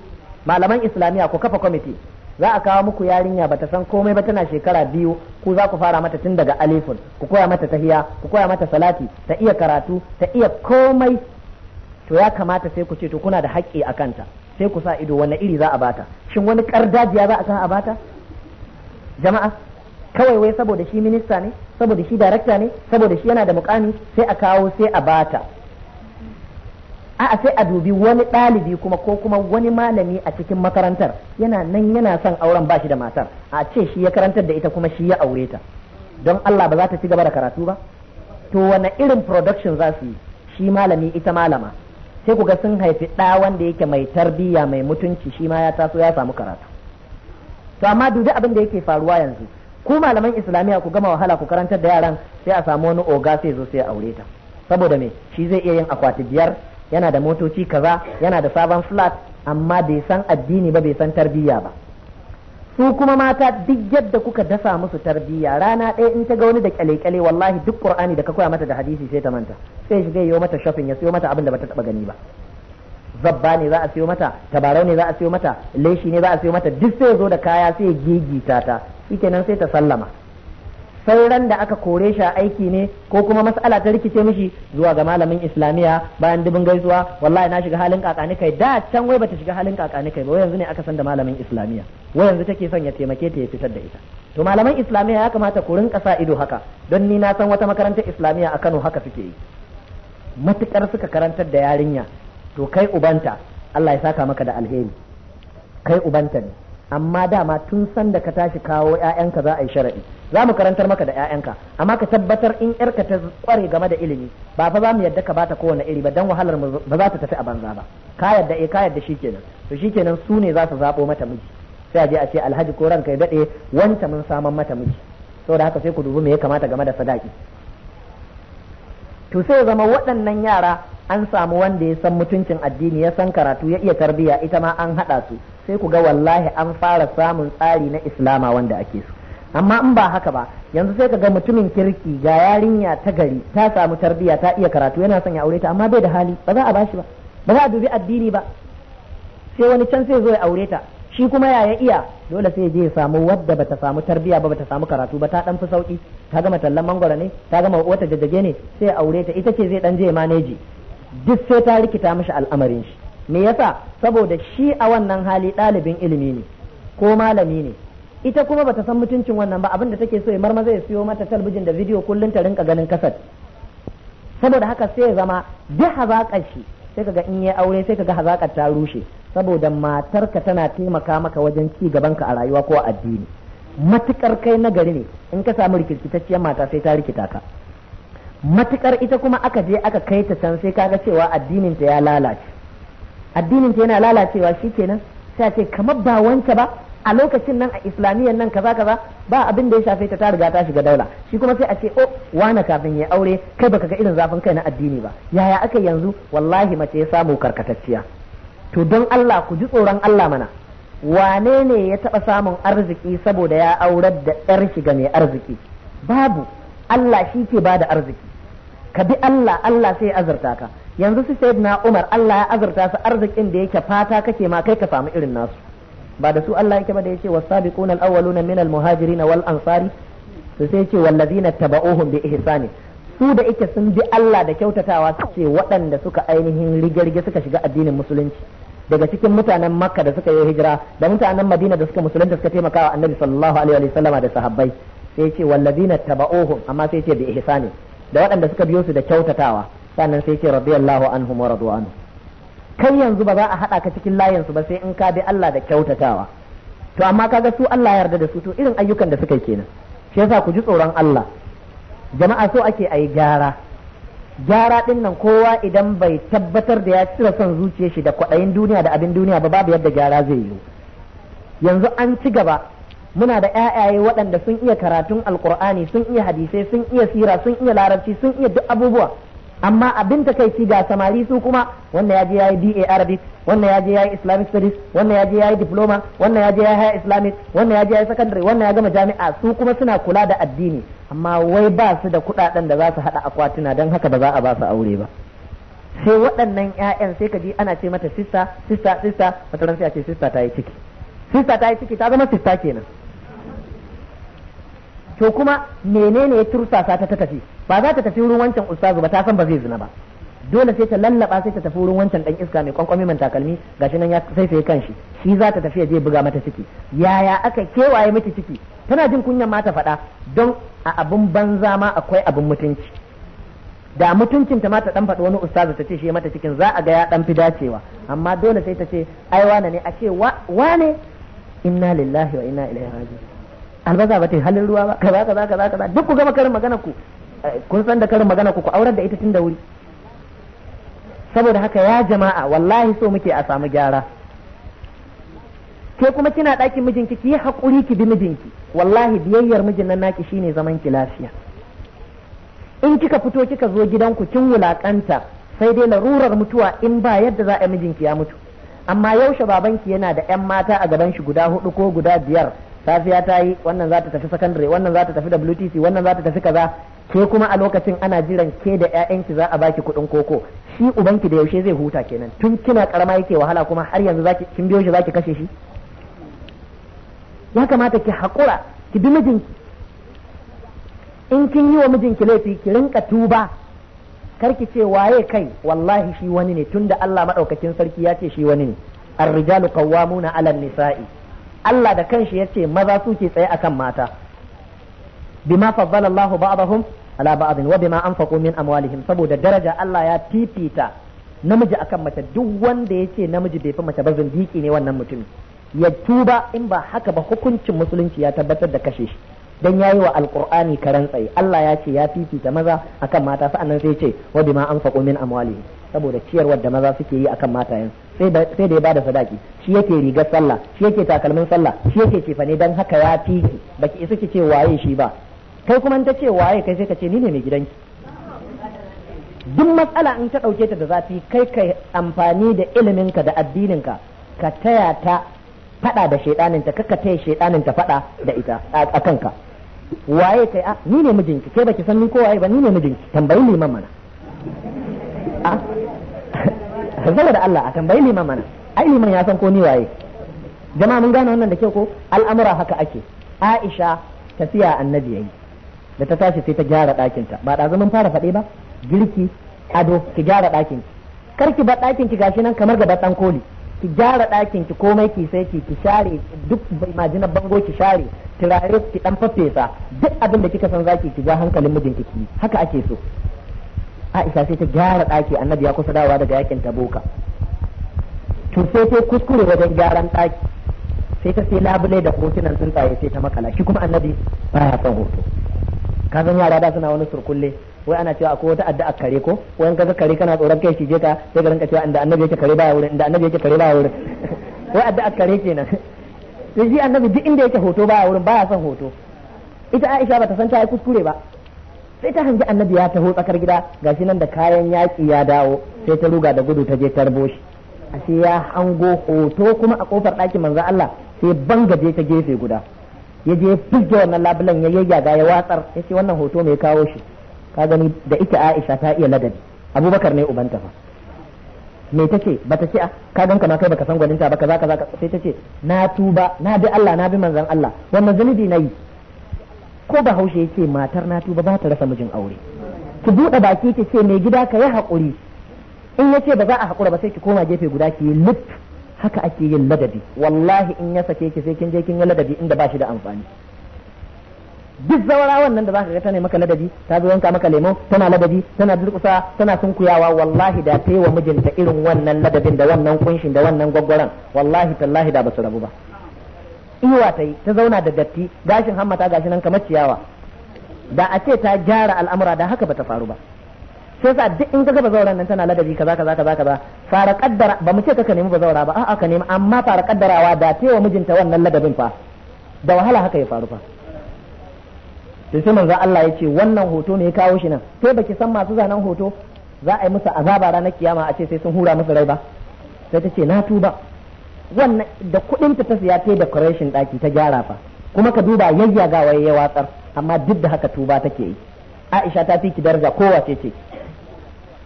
Speaker 1: malaman islamiya ku kafa kwamiti za a kawo muku yarinya bata san komai ba tana shekara biyu ku za ku fara mata tun daga alifun ku koya mata tahiya ku koya mata salati ta iya karatu ta iya komai to ya kamata sai ku ce to kuna da haƙƙi a kanta sai ku sa ido wani iri za a bata shin wani kardajiya za a san a bata jama'a kawai wai saboda shi minista ne saboda shi darakta ne saboda shi yana da mukami sai a kawo sai a bata a sai a dubi wani ɗalibi kuma ko kuma wani malami a cikin makarantar yana nan yana son auren ba shi da matar a ce shi ya karantar da ita kuma shi ya aure ta don Allah ba za ta ci gaba da karatu ba to wani irin production za su yi shi malami ita malama sai ku ga sun haifi ɗa wanda yake mai tarbiyya mai mutunci shi ma ya taso ya samu karatu to amma dubi abin da yake faruwa yanzu ku malaman islamiyya ku gama wahala ku karantar da yaran sai a samu wani oga sai zo sai aure ta saboda me shi zai iya yin akwati biyar yana da motoci kaza yana da sabon flat amma bai san addini ba bai san tarbiyya ba su kuma mata duk yadda kuka dasa musu tarbiyya rana ɗaya in ta ga wani da kyale-kyale wallahi duk qur'ani da ka koya mata da hadisi sai ta manta sai shiga yi mata shopping ya siyo mata abin da bata taba gani ba zabba ne za a siyo mata tabarau ne za a siyo mata leshi ne za a siyo mata duk sai zo da kaya sai ya gigita ta shikenan sai ta sallama sauran da aka kore shi a aiki ne ko kuma mas'ala ta rikice mishi zuwa ga malamin islamiyya bayan dubin gaisuwa wallahi na shiga halin kakani kai da can wai bata shiga halin kakani kai ba wai yanzu ne aka san da malamin islamiyya wai yanzu take son ya taimake ta ya fitar da ita to malaman islamiyya ya kamata ku rinka sa ido haka don ni na san wata makarantar islamiyya a Kano haka suke yi matukar suka karantar da yarinya to kai ubanta Allah ya saka maka da alheri kai ubanta ne amma dama tun san da ka tashi kawo ƴaƴanka za a yi sharaɗi za mu karantar maka da ƴaƴanka amma ka tabbatar in ƴarka ta kware game da ilimi ba fa za mu yadda ka bata kowane iri ba dan wahalar mu ba za ta tafi a banza ba ka yadda eh ka yadda shikenan to shikenan su ne za su zabo mata miji sai a je a ce alhaji ko ranka ya dade wanta mun saman mata miji saboda haka sai ku dubi me ya kamata game da sadaki to sai zama waɗannan yara an samu wanda ya san mutuncin addini ya san karatu ya iya tarbiya ita ma an haɗa su sai ku ga wallahi an fara samun tsari na islama wanda ake so amma in ba haka ba yanzu sai ka ga mutumin kirki ga yarinya ta gari ta samu tarbiyya ta iya karatu yana son ya aure ta amma bai da hali ba za a bashi ba ba za a dubi addini ba sai wani can sai zo ya aure ta shi kuma yaya iya dole sai je ya samu wadda bata samu tarbiyya ba bata samu karatu ba ta dan fi sauki ta gama tallan mangwara ne ta gama wata jajjage ne sai ya aure ta ita ce zai dan je maneji duk sai ta rikita mishi al'amarin shi me yasa saboda shi a wannan hali ɗalibin ilimi ne ko malami ne ita kuma bata san mutuncin wannan ba abinda take so ya marmaza zai siyo mata talbijin da bidiyo kullun ta rinka ganin kasar saboda haka sai ya zama duk hazaƙar shi sai kaga in ya aure sai kaga hazaƙar ta rushe saboda matarka tana taimaka maka wajen ci gaban ka a rayuwa ko a addini matukar kai nagari ne in ka samu rikirkitacciyar mata sai ta rikita ka matukar ita kuma aka je aka kaita ta can sai kaga cewa addinin ta ya lalace addinin ta yana lalacewa shi sai a ce kamar ba wanke ba a lokacin nan a islamiyyar nan kaza kaza ba abin da ya shafe ta ta riga ta shiga daula shi kuma sai a ce o oh, wani kafin ya aure kai baka ga irin zafin kai na addini ba yaya aka yanzu wallahi mace ya samu karkatacciya to don Allah ku ji tsoron Allah mana wane ne ya taɓa samun arziki saboda ya aurar da yar shiga mai arziki babu Allah shi ke bada arziki ka bi Allah Allah sai ya azurta ka yanzu su na Umar Allah ya azurta su arzikin da yake fata kake ma kai ka samu irin nasu ba da su Allah yake ba da yace was-sabiquna al-awwaluna min al-muhajirin wal ansari su sai yace wallazina taba'uhum bi ihsani su da yake sun bi Allah da kyautatawa su ce waɗanda suka ainihin rigirge suka shiga addinin musulunci daga cikin mutanen Makka da suka yi hijira da mutanen Madina da suka musulunta suka taimaka wa Annabi sallallahu alaihi wa sallama da sahabbai sai yace wallazina taba'uhum amma sai yace bi ihsani da waɗanda suka biyo su da kyautatawa sannan sai ce radiyallahu anhum wa radu kai yanzu ba za a hada ka cikin layin su ba sai in ka bi Allah da kyautatawa to amma kaga su Allah ya yarda da su to irin ayyukan da suka yi kenan shi yasa ku ji tsoron Allah jama'a so ake ayi gyara gyara din nan kowa idan bai tabbatar da ya cire son zuciyar shi da kwaɗayin duniya da abin duniya ba babu yadda gyara zai yi yanzu an ci gaba muna da ƴaƴaye waɗanda sun iya karatun alkur'ani sun iya hadisai sun iya sira sun iya larabci sun iya duk abubuwa amma abin ta kai ga samari su kuma wannan ya je yayi BA Arabic wannan ya je yayi Islamic Studies wannan ya je yayi diploma wannan ya je yayi high Islamic wannan ya je yayi secondary wannan ya gama jami'a su kuma suna kula da addini amma wai ba su da kuɗaɗen da za su hada akwatuna dan haka ba za a ba su aure ba sai waɗannan ƴaƴan sai ka ji ana ce mata sista sista sista wata ran sai a ce sista ta yi ciki sista ta yi ciki ta zama sista kenan to kuma menene ya tursasa ta ta tafi ba za ta tafi wurin wancan ustazu ba ta san ba zai zina ba dole sai ta lallaba sai ta tafi wurin wancan dan iska mai kwankwami man takalmi gashi nan ya sai sai kanshi shi za ta tafi ya je buga mata ciki yaya aka kewaye miki ciki tana jin kunyan mata ta faɗa don a abun banza ma akwai abun mutunci da mutuncin ta mata dan faɗi wani ustazu ta ce shi mata cikin za a ga ya dan fi dacewa amma dole sai ta ce ai wane ne a ce wane inna lillahi wa inna ilaihi raji'un albasa ba ta halin ruwa ba kaza kaza kaza kaza duk ku gama karin magana ku eh, kun san da karin magana ku ku aurar da ita tun da wuri saboda haka ya jama'a wallahi so muke a samu gyara ke kuma kina ɗakin mijinki ki yi haƙuri ki bi mijinki wallahi biyayyar mijin nan naki shine zaman ki lafiya in kika fito kika zo gidanku kin wulakanta sai dai larurar mutuwa in ba yadda za a mijinki ya mutu amma yaushe babanki yana da 'yan mata a gaban shi guda hudu ko guda biyar safiya ta yi wannan za ta tafi sakandare wannan za ta tafi WTC wannan za ta tafi kaza ke kuma a lokacin ana jiran ke da ƴaƴanki za a baki kuɗin koko shi ubanki da yaushe zai huta kenan tun kina karama yake wahala kuma har yanzu zaki kin biyo shi zaki kashe shi ya kamata ki haƙura ki bi mijinki in kin yi wa mijinki laifi ki rinka tuba karki ce waye kai wallahi shi wani ne tunda Allah madaukakin sarki ya ce shi wani ne ar-rijalu qawwamuna 'ala nisai Allah da kanshi ya ce maza suke tsaye akan mata bima faddala Allahu ba'dahum ala ba'dhin wa bima anfaqu min amwalihim saboda daraja Allah ya fifita namiji akan mace duk wanda ya ce namiji bai fi mace ba zindiki ne wannan mutum ya tuba in ba haka ba hukuncin musulunci ya tabbatar da kashe shi dan yayi wa alqur'ani karan tsaye Allah ya ce ya fifita maza akan mata sa'annan sai ce wa bima anfaqu min amwalihi saboda ciyar da maza suke yi akan matayen sai da ya bada sadaki shi yake rigar sallah shi yake takalmin sallah shi yake cefane dan haka ya fifi baki isa ki ce waye shi ba kai kuma in ta ce waye kai sai ka ce ni ne mai gidanki duk matsala in ta ɗauke ta da zafi kai ka amfani da iliminka da addinin ka taya ta faɗa da shaidaninta ta kakkata taya ta faɗa da ita a kanka waye kai a ah, ni ne mijinki kai baki san ni ko waye ba ni ne mijinki tambayi liman mana
Speaker 2: a ah, da
Speaker 1: Allah a tambayi liman mana ai liman ya san ko ni waye jama'a mun gane wannan da kyau ko al'amura haka ake Aisha tafiya annabi yayi da ta tashi sai ta gyara ta ba da zaman fara faɗe ba girki ado ki gyara ɗakin kar ki bar ɗakin ki gashi nan kamar gaba ɗan koli ki gyara ɗakin ki komai ki sai ki ki share duk majinar bango ki share turare ki dan fafesa duk abin da kika san zaki ki ja hankalin mijinki ki haka ake so Aisha sai ta gyara ɗaki annabi ya kusa dawowa daga yakin taboka to sai ta kuskure wajen gyaran ɗaki sai ta sai labule da hotunan tsuntsaye sai ta makala shi kuma annabi baya son hoto ka yara da suna wani surkulle wai ana cewa akwai wata addu'a kare ko wai kaga kare kana tsoron kai shi je ka sai ka rinka cewa inda annabi yake kare baya wurin inda annabi yake kare baya wurin wai addu'a kare kenan sai shi annabi duk inda yake hoto baya wurin baya son hoto ita Aisha bata san ta yi kuskure ba sai ta hangi annabi ya taho tsakar gida gashi nan da kayan yaƙi ya dawo sai ta ruga da gudu ta je tarbo shi ashe ya hango hoto kuma a kofar ɗakin manzo Allah sai banga je ta gefe guda ya je fizge wannan labulan ya yayyaga ya watsar ya ce wannan hoto mai kawo shi ka gani da ita Aisha ta iya ladabi Abubakar ne ubanta fa me tace bata ce ah, ka gan kama kai baka san gwaninta ba kaza kaza sai tace na tuba na bi Allah na bi manzon Allah wannan zunubi nayi ko ba haushe yace matar na tuba ba ta rasa mijin aure ki bude baki ki ce mai gida ka yi hakuri in yace ba za a hakura ba sai ki koma gefe guda ki lut haka ake yin ladabi wallahi in ya sake ki sai kin je kin yi ladabi inda ba shi da amfani duk zawara wannan da zaka ga tana maka ladabi ta zo yanka maka lemo tana ladabi tana durkusa tana sunkuyawa wallahi da ta yi wa mijinta irin wannan ladabin da wannan kunshin da wannan gwaggwaran wallahi tallahi da basu rabu ba iwa ta yi ta zauna da datti gashin hammata gashin nan kamar ciyawa da a ce ta gyara al'amura da haka bata faru ba sai sa duk in kaga bazauran nan tana ladabi kaza kaza kaza kaza fara kaddara ba mu ce ka nemi bazaura ba a'a ka nemi amma fara kaddarawa da ta yi wa mijinta wannan ladabin fa da wahala haka ya faru fa to sai manzo Allah ya ce wannan hoto ne ya kawo shi nan kai baki san masu zanen hoto za a yi musu azaba ranar kiyama a ce sai sun hura musu rai ba sai ta ce na tuba wannan da kuɗin ta siya ta decoration ɗaki ta gyara fa kuma ka duba yayya yayyagawa ya watsar amma duk da haka tuba take yi Aisha ta fi ki daraja kowa ce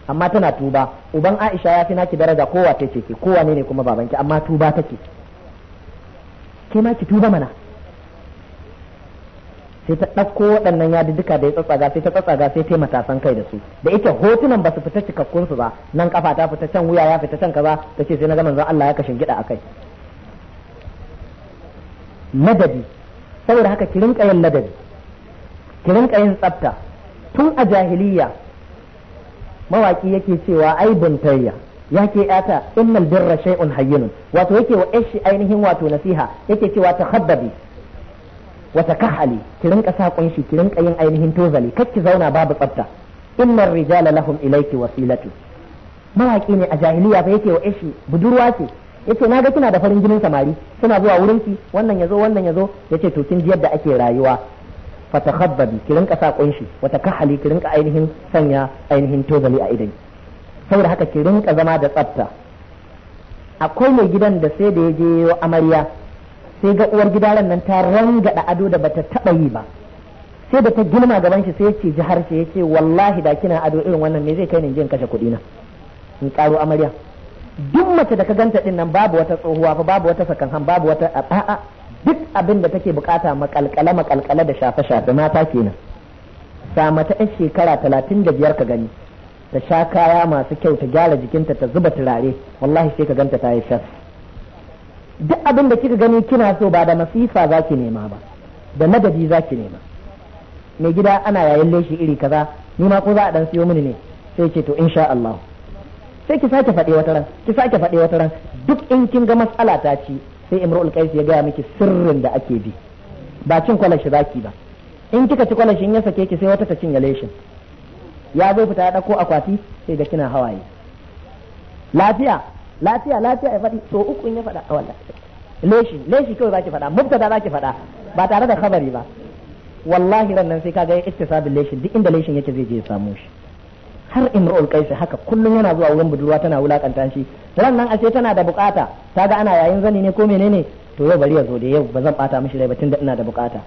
Speaker 1: amma tana tuba uban Aisha ya fi naki daraja kowa ce kowa ne kuma babanki amma tuba take ke ma ki tuba mana sai ta ɗauko waɗannan yadudduka da ya tsatsaga sai ta tsatsaga sai ta matasan kai da su da ita hotunan ba su fita cikakkun su ba nan kafa ta fita can wuya ya fita can kaza ta ce sai na ga manzon Allah ya kashin gida kai. madadi saboda haka ki rinka yin ladabi ki yin tsafta tun a jahiliya mawaki yake cewa ai buntayya yake yata innal birra shay'un hayyinun wato yake wa ashi ainihin wato nasiha yake cewa haddabi. wata kahali ki rinka sa kunshi ki rinka yin ainihin tozali kar ki zauna babu tsafta innar rijala lahum ilayki wasilatu mawaki ne a jahiliya fa yake wa ishi budurwa ce yace naga kina da farin jinin samari suna zuwa wurin ki wannan yazo wannan yazo yace to kin ji yadda ake rayuwa fatakhabbabi ki rinka sa kunshi wata kahali ki rinka ainihin sanya ainihin tozali a idan saboda haka ki rinka zama da tsafta akwai mai gidan da sai da ya je amarya sai ga uwar gida nan ta rangada ado da bata taba yi ba sai da ta girma gaban shi sai ya ce ji harshe ya ce wallahi da kina ado irin wannan me zai kai ni jin kashe kuɗi na in karo amarya duk mace da ka ganta din nan babu wata tsohuwa fa babu wata sakan han babu wata a'a duk abin da take bukata makalkala makalkala da shafe shafe mata kenan sa mata shekara talatin da biyar ka gani ta sha kaya masu kyau ta gyara jikinta ta zuba turare wallahi sai ka ganta ta yi shas duk abin da kika gani kina so ba da masifa za ki nema ba da madadi za ki nema mai gida ana yayin leshi iri kaza ni ma ko za a dan siyo mini ne sai ce to insha Allah sai ki sake faɗe wata ran ki sake faɗe wata ran duk in kin ga matsala ta ci sai imrul qais ya gaya miki sirrin da ake bi ba cin kwalashi zaki ba in kika ci kwalashin ya sake ki sai wata ta cinye leshin ya zo fita ya dako akwati sai da kina hawaye lafiya lafiya lafiya ya faɗi to uku in ya faɗa a wallahi leshi leshi kawai zaki faɗa mubtada zaki faɗa ba tare da khabari ba wallahi ran nan sai kaga ya sabin leshin duk inda leshin yake zai je ya samu shi har imrul kaisi haka kullum yana zuwa wurin budurwa tana wulakanta shi ran nan ashe tana da bukata ta ga ana yayin zani ne ko menene to yau bari ya zo da yau ba zan bata mishi rai ba tunda ina da bukata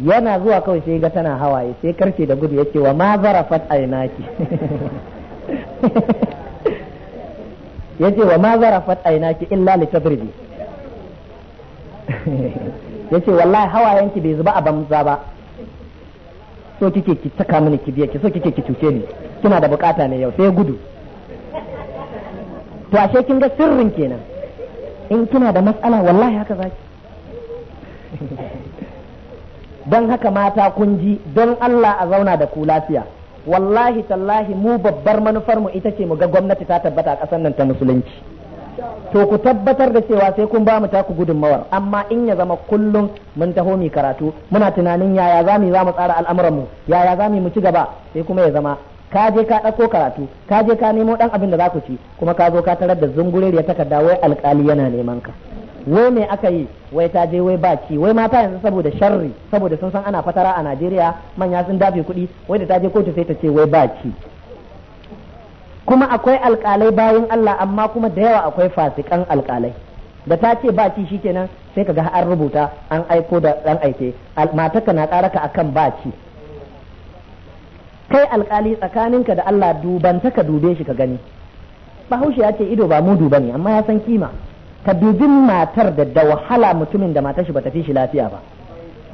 Speaker 1: yana zuwa kawai sai ga tana hawaye sai karfe da gudu yake wa ma zarafat ainaki yace wa ma zarafat ki? illa li tadribi yace wallahi hawayenki bai zuba a banza ba so kike ki taka mini biya ki so kike ki cuce ni kina da bukata ne yau sai gudu to ashe kin ga sirrin kenan in kina da matsala wallahi haka zaki don haka mata kun ji don Allah a zauna da ku lafiya wallahi tallahi mu babbar manufar mu ita ce mu ga gwamnati ta tabbata a nan ta musulunci to ku tabbatar da cewa sai kun ba mu taku gudunmawar amma in ya zama kullum mun taho mu karatu muna tunanin yaya za mu za mu tsara al'amuran mu yaya za mu ci gaba sai kuma ya zama ka je ka ɗauko karatu ka je ka nemo ɗan abin da za ku ci kuma ka zo ka tarar da zunguriyar takarda wai alƙali yana neman ka wai me aka yi wai ta je wai baci wai mata yanzu saboda sharri saboda sun san ana fatara a Najeriya manya sun dafe kuɗi wai da ta je kotu sai ta ce wai baci kuma akwai alƙalai bayan Allah amma kuma da yawa akwai fasikan alƙalai da ta ce baci shikenan sai kaga an rubuta an aiko da dan aike mataka na karaka akan baci kai alƙali tsakaninka da Allah dubanta ka dube shi ka gani bahaushe ya ce ido ba mu duba ne amma ya san kima ka dubin matar da da wahala mutumin da matar shi ta fi shi lafiya ba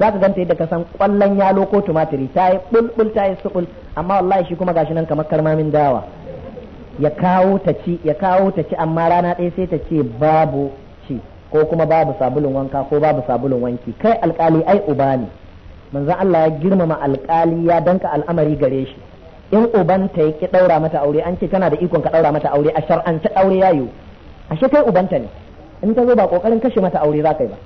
Speaker 1: za ka ganta yadda ka san kwallon yalo ko tumatiri ta yi bulbul ta yi subul amma wallahi shi kuma gashi nan kamar karmamin dawa ya kawo ta ci ya kawo ta ci amma rana ɗaya sai ta ce babu ci ko kuma babu sabulun wanka ko babu sabulun wanki kai alkali ai uba ne manzon Allah ya girmama alkali ya danka al'amari gare shi in ubanta ya ɗaura daura mata aure an ce tana da ikon ka daura mata aure a ta aure yayo ashe kai ubanta ne in ta zo ba kokarin kashe mata aure za ka yi ba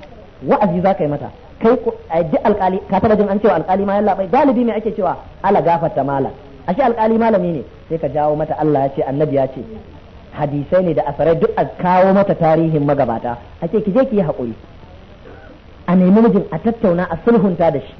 Speaker 1: wa'azi za ka yi mata kai a ji alkali ka taba jin an cewa alkali ma yallaɓai galibi ne ake cewa ala gafarta mala shi alkali malami ne sai ka jawo mata Allah ya ce annabi ya ce hadisai ne da asarai duk a kawo mata tarihin magabata a ce ki je ki yi haƙuri a nemi mijin a tattauna a sulhunta da shi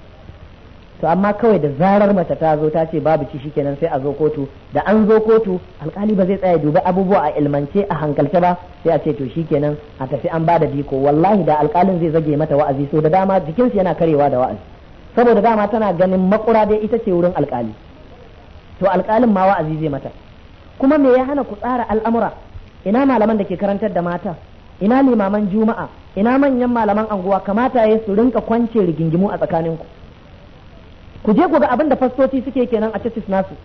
Speaker 1: to amma kawai da zarar mace ta zo ta ce babu ci shikenan sai a zo kotu da an zo kotu alkali ba zai tsaya duba abubuwa a ilmance a hankalce ba sai a ce to shikenan a tafi an bada biko wallahi da alkalin zai zage mata wa'azi so da dama jikinsu yana karewa da wa'azi saboda dama tana ganin makura dai ita ce wurin alkali to alkalin ma wa'azi zai mata kuma me ya hana ku tsara al'amura ina malaman da ke karantar da mata ina limaman juma'a ina manyan malaman anguwa kamata ya su rinka kwance rigingimu a tsakaninku ku ku je ku ga abin da fastoci suke kenan a cikin nasu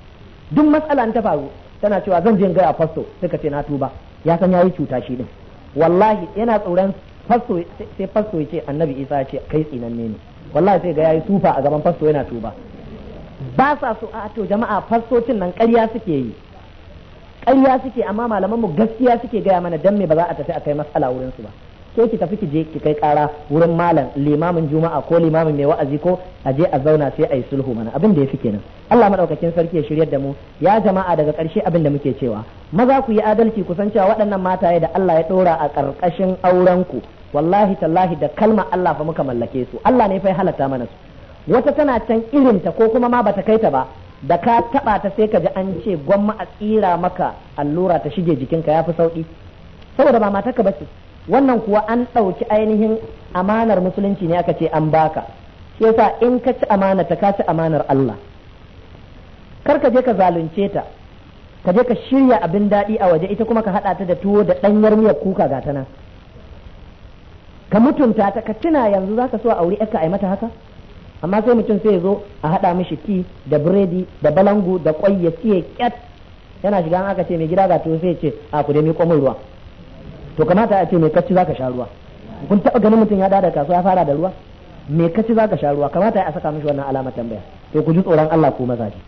Speaker 1: duk matsala ta faru tana cewa zan je in gaya fasto suka ce na tuba ya san yayi cuta shi din wallahi yana tsoron fasto sai fasto ya ce annabi isa ya ce kai tsinanne ne wallahi sai ga yayi tufa a gaban fasto yana tuba ba sa so a to jama'a fastocin nan ƙarya suke yi ƙarya suke amma malaman mu gaskiya suke gaya mana dan me ba za a tafi a kai matsala wurin su ba ko ki tafi ki je ki kai kara wurin malam limamin juma'a ko limamin mai wa'azi ko a je a zauna sai a yi sulhu mana abin da ya fi kenan Allah madaukakin sarki ya shiryar da mu ya jama'a daga ƙarshe abin da muke cewa maza ku yi adalci ku san cewa waɗannan mataye da Allah ya ɗora a ƙarƙashin auren ku wallahi tallahi da kalma Allah fa muka mallake su Allah ne fa ya halatta mana su wata tana can irin ta ko kuma ma bata kai ta ba da ka taba ta sai ka ji an ce gwamma a tsira maka allura ta shige jikinka ya fi sauki saboda ba matarka ce wannan kuwa an ɗauki ainihin amanar musulunci ne aka ce an baka shi yasa in ka ci amana ta ka ci amanar Allah kar ka je ka zalunce ta ka je ka shirya abin daɗi a waje ita kuma ka haɗa ta da tuwo da ɗanyar miyar kuka ga ta nan ka mutunta ta ka tuna yanzu za ka so a auri a ai mata haka amma sai mutum sai ya zo a haɗa mishi ti da biredi da balangu da ƙwai ya siye ƙyat yana shiga aka ce mai gida ga tuwo sai ce a ku dai mi ruwa to kamata a ce me kacci zaka sha ruwa kun taba ganin mutum ya da kasuwa ya fara da ruwa me kacci zaka sha ruwa kamata a saka mishi wannan alama tambaya to ku ji tsoron Allah ko maza ji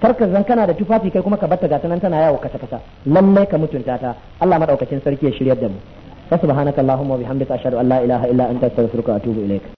Speaker 1: tarkar zan kana da tufafi kai kuma ka batta gata nan tana yawo kata kata lallai ka mutunta ta Allah madaukakin sarki ya shiryar da mu subhanakallahumma wa bihamdika ashhadu an la ilaha illa anta astaghfiruka wa atubu ilaik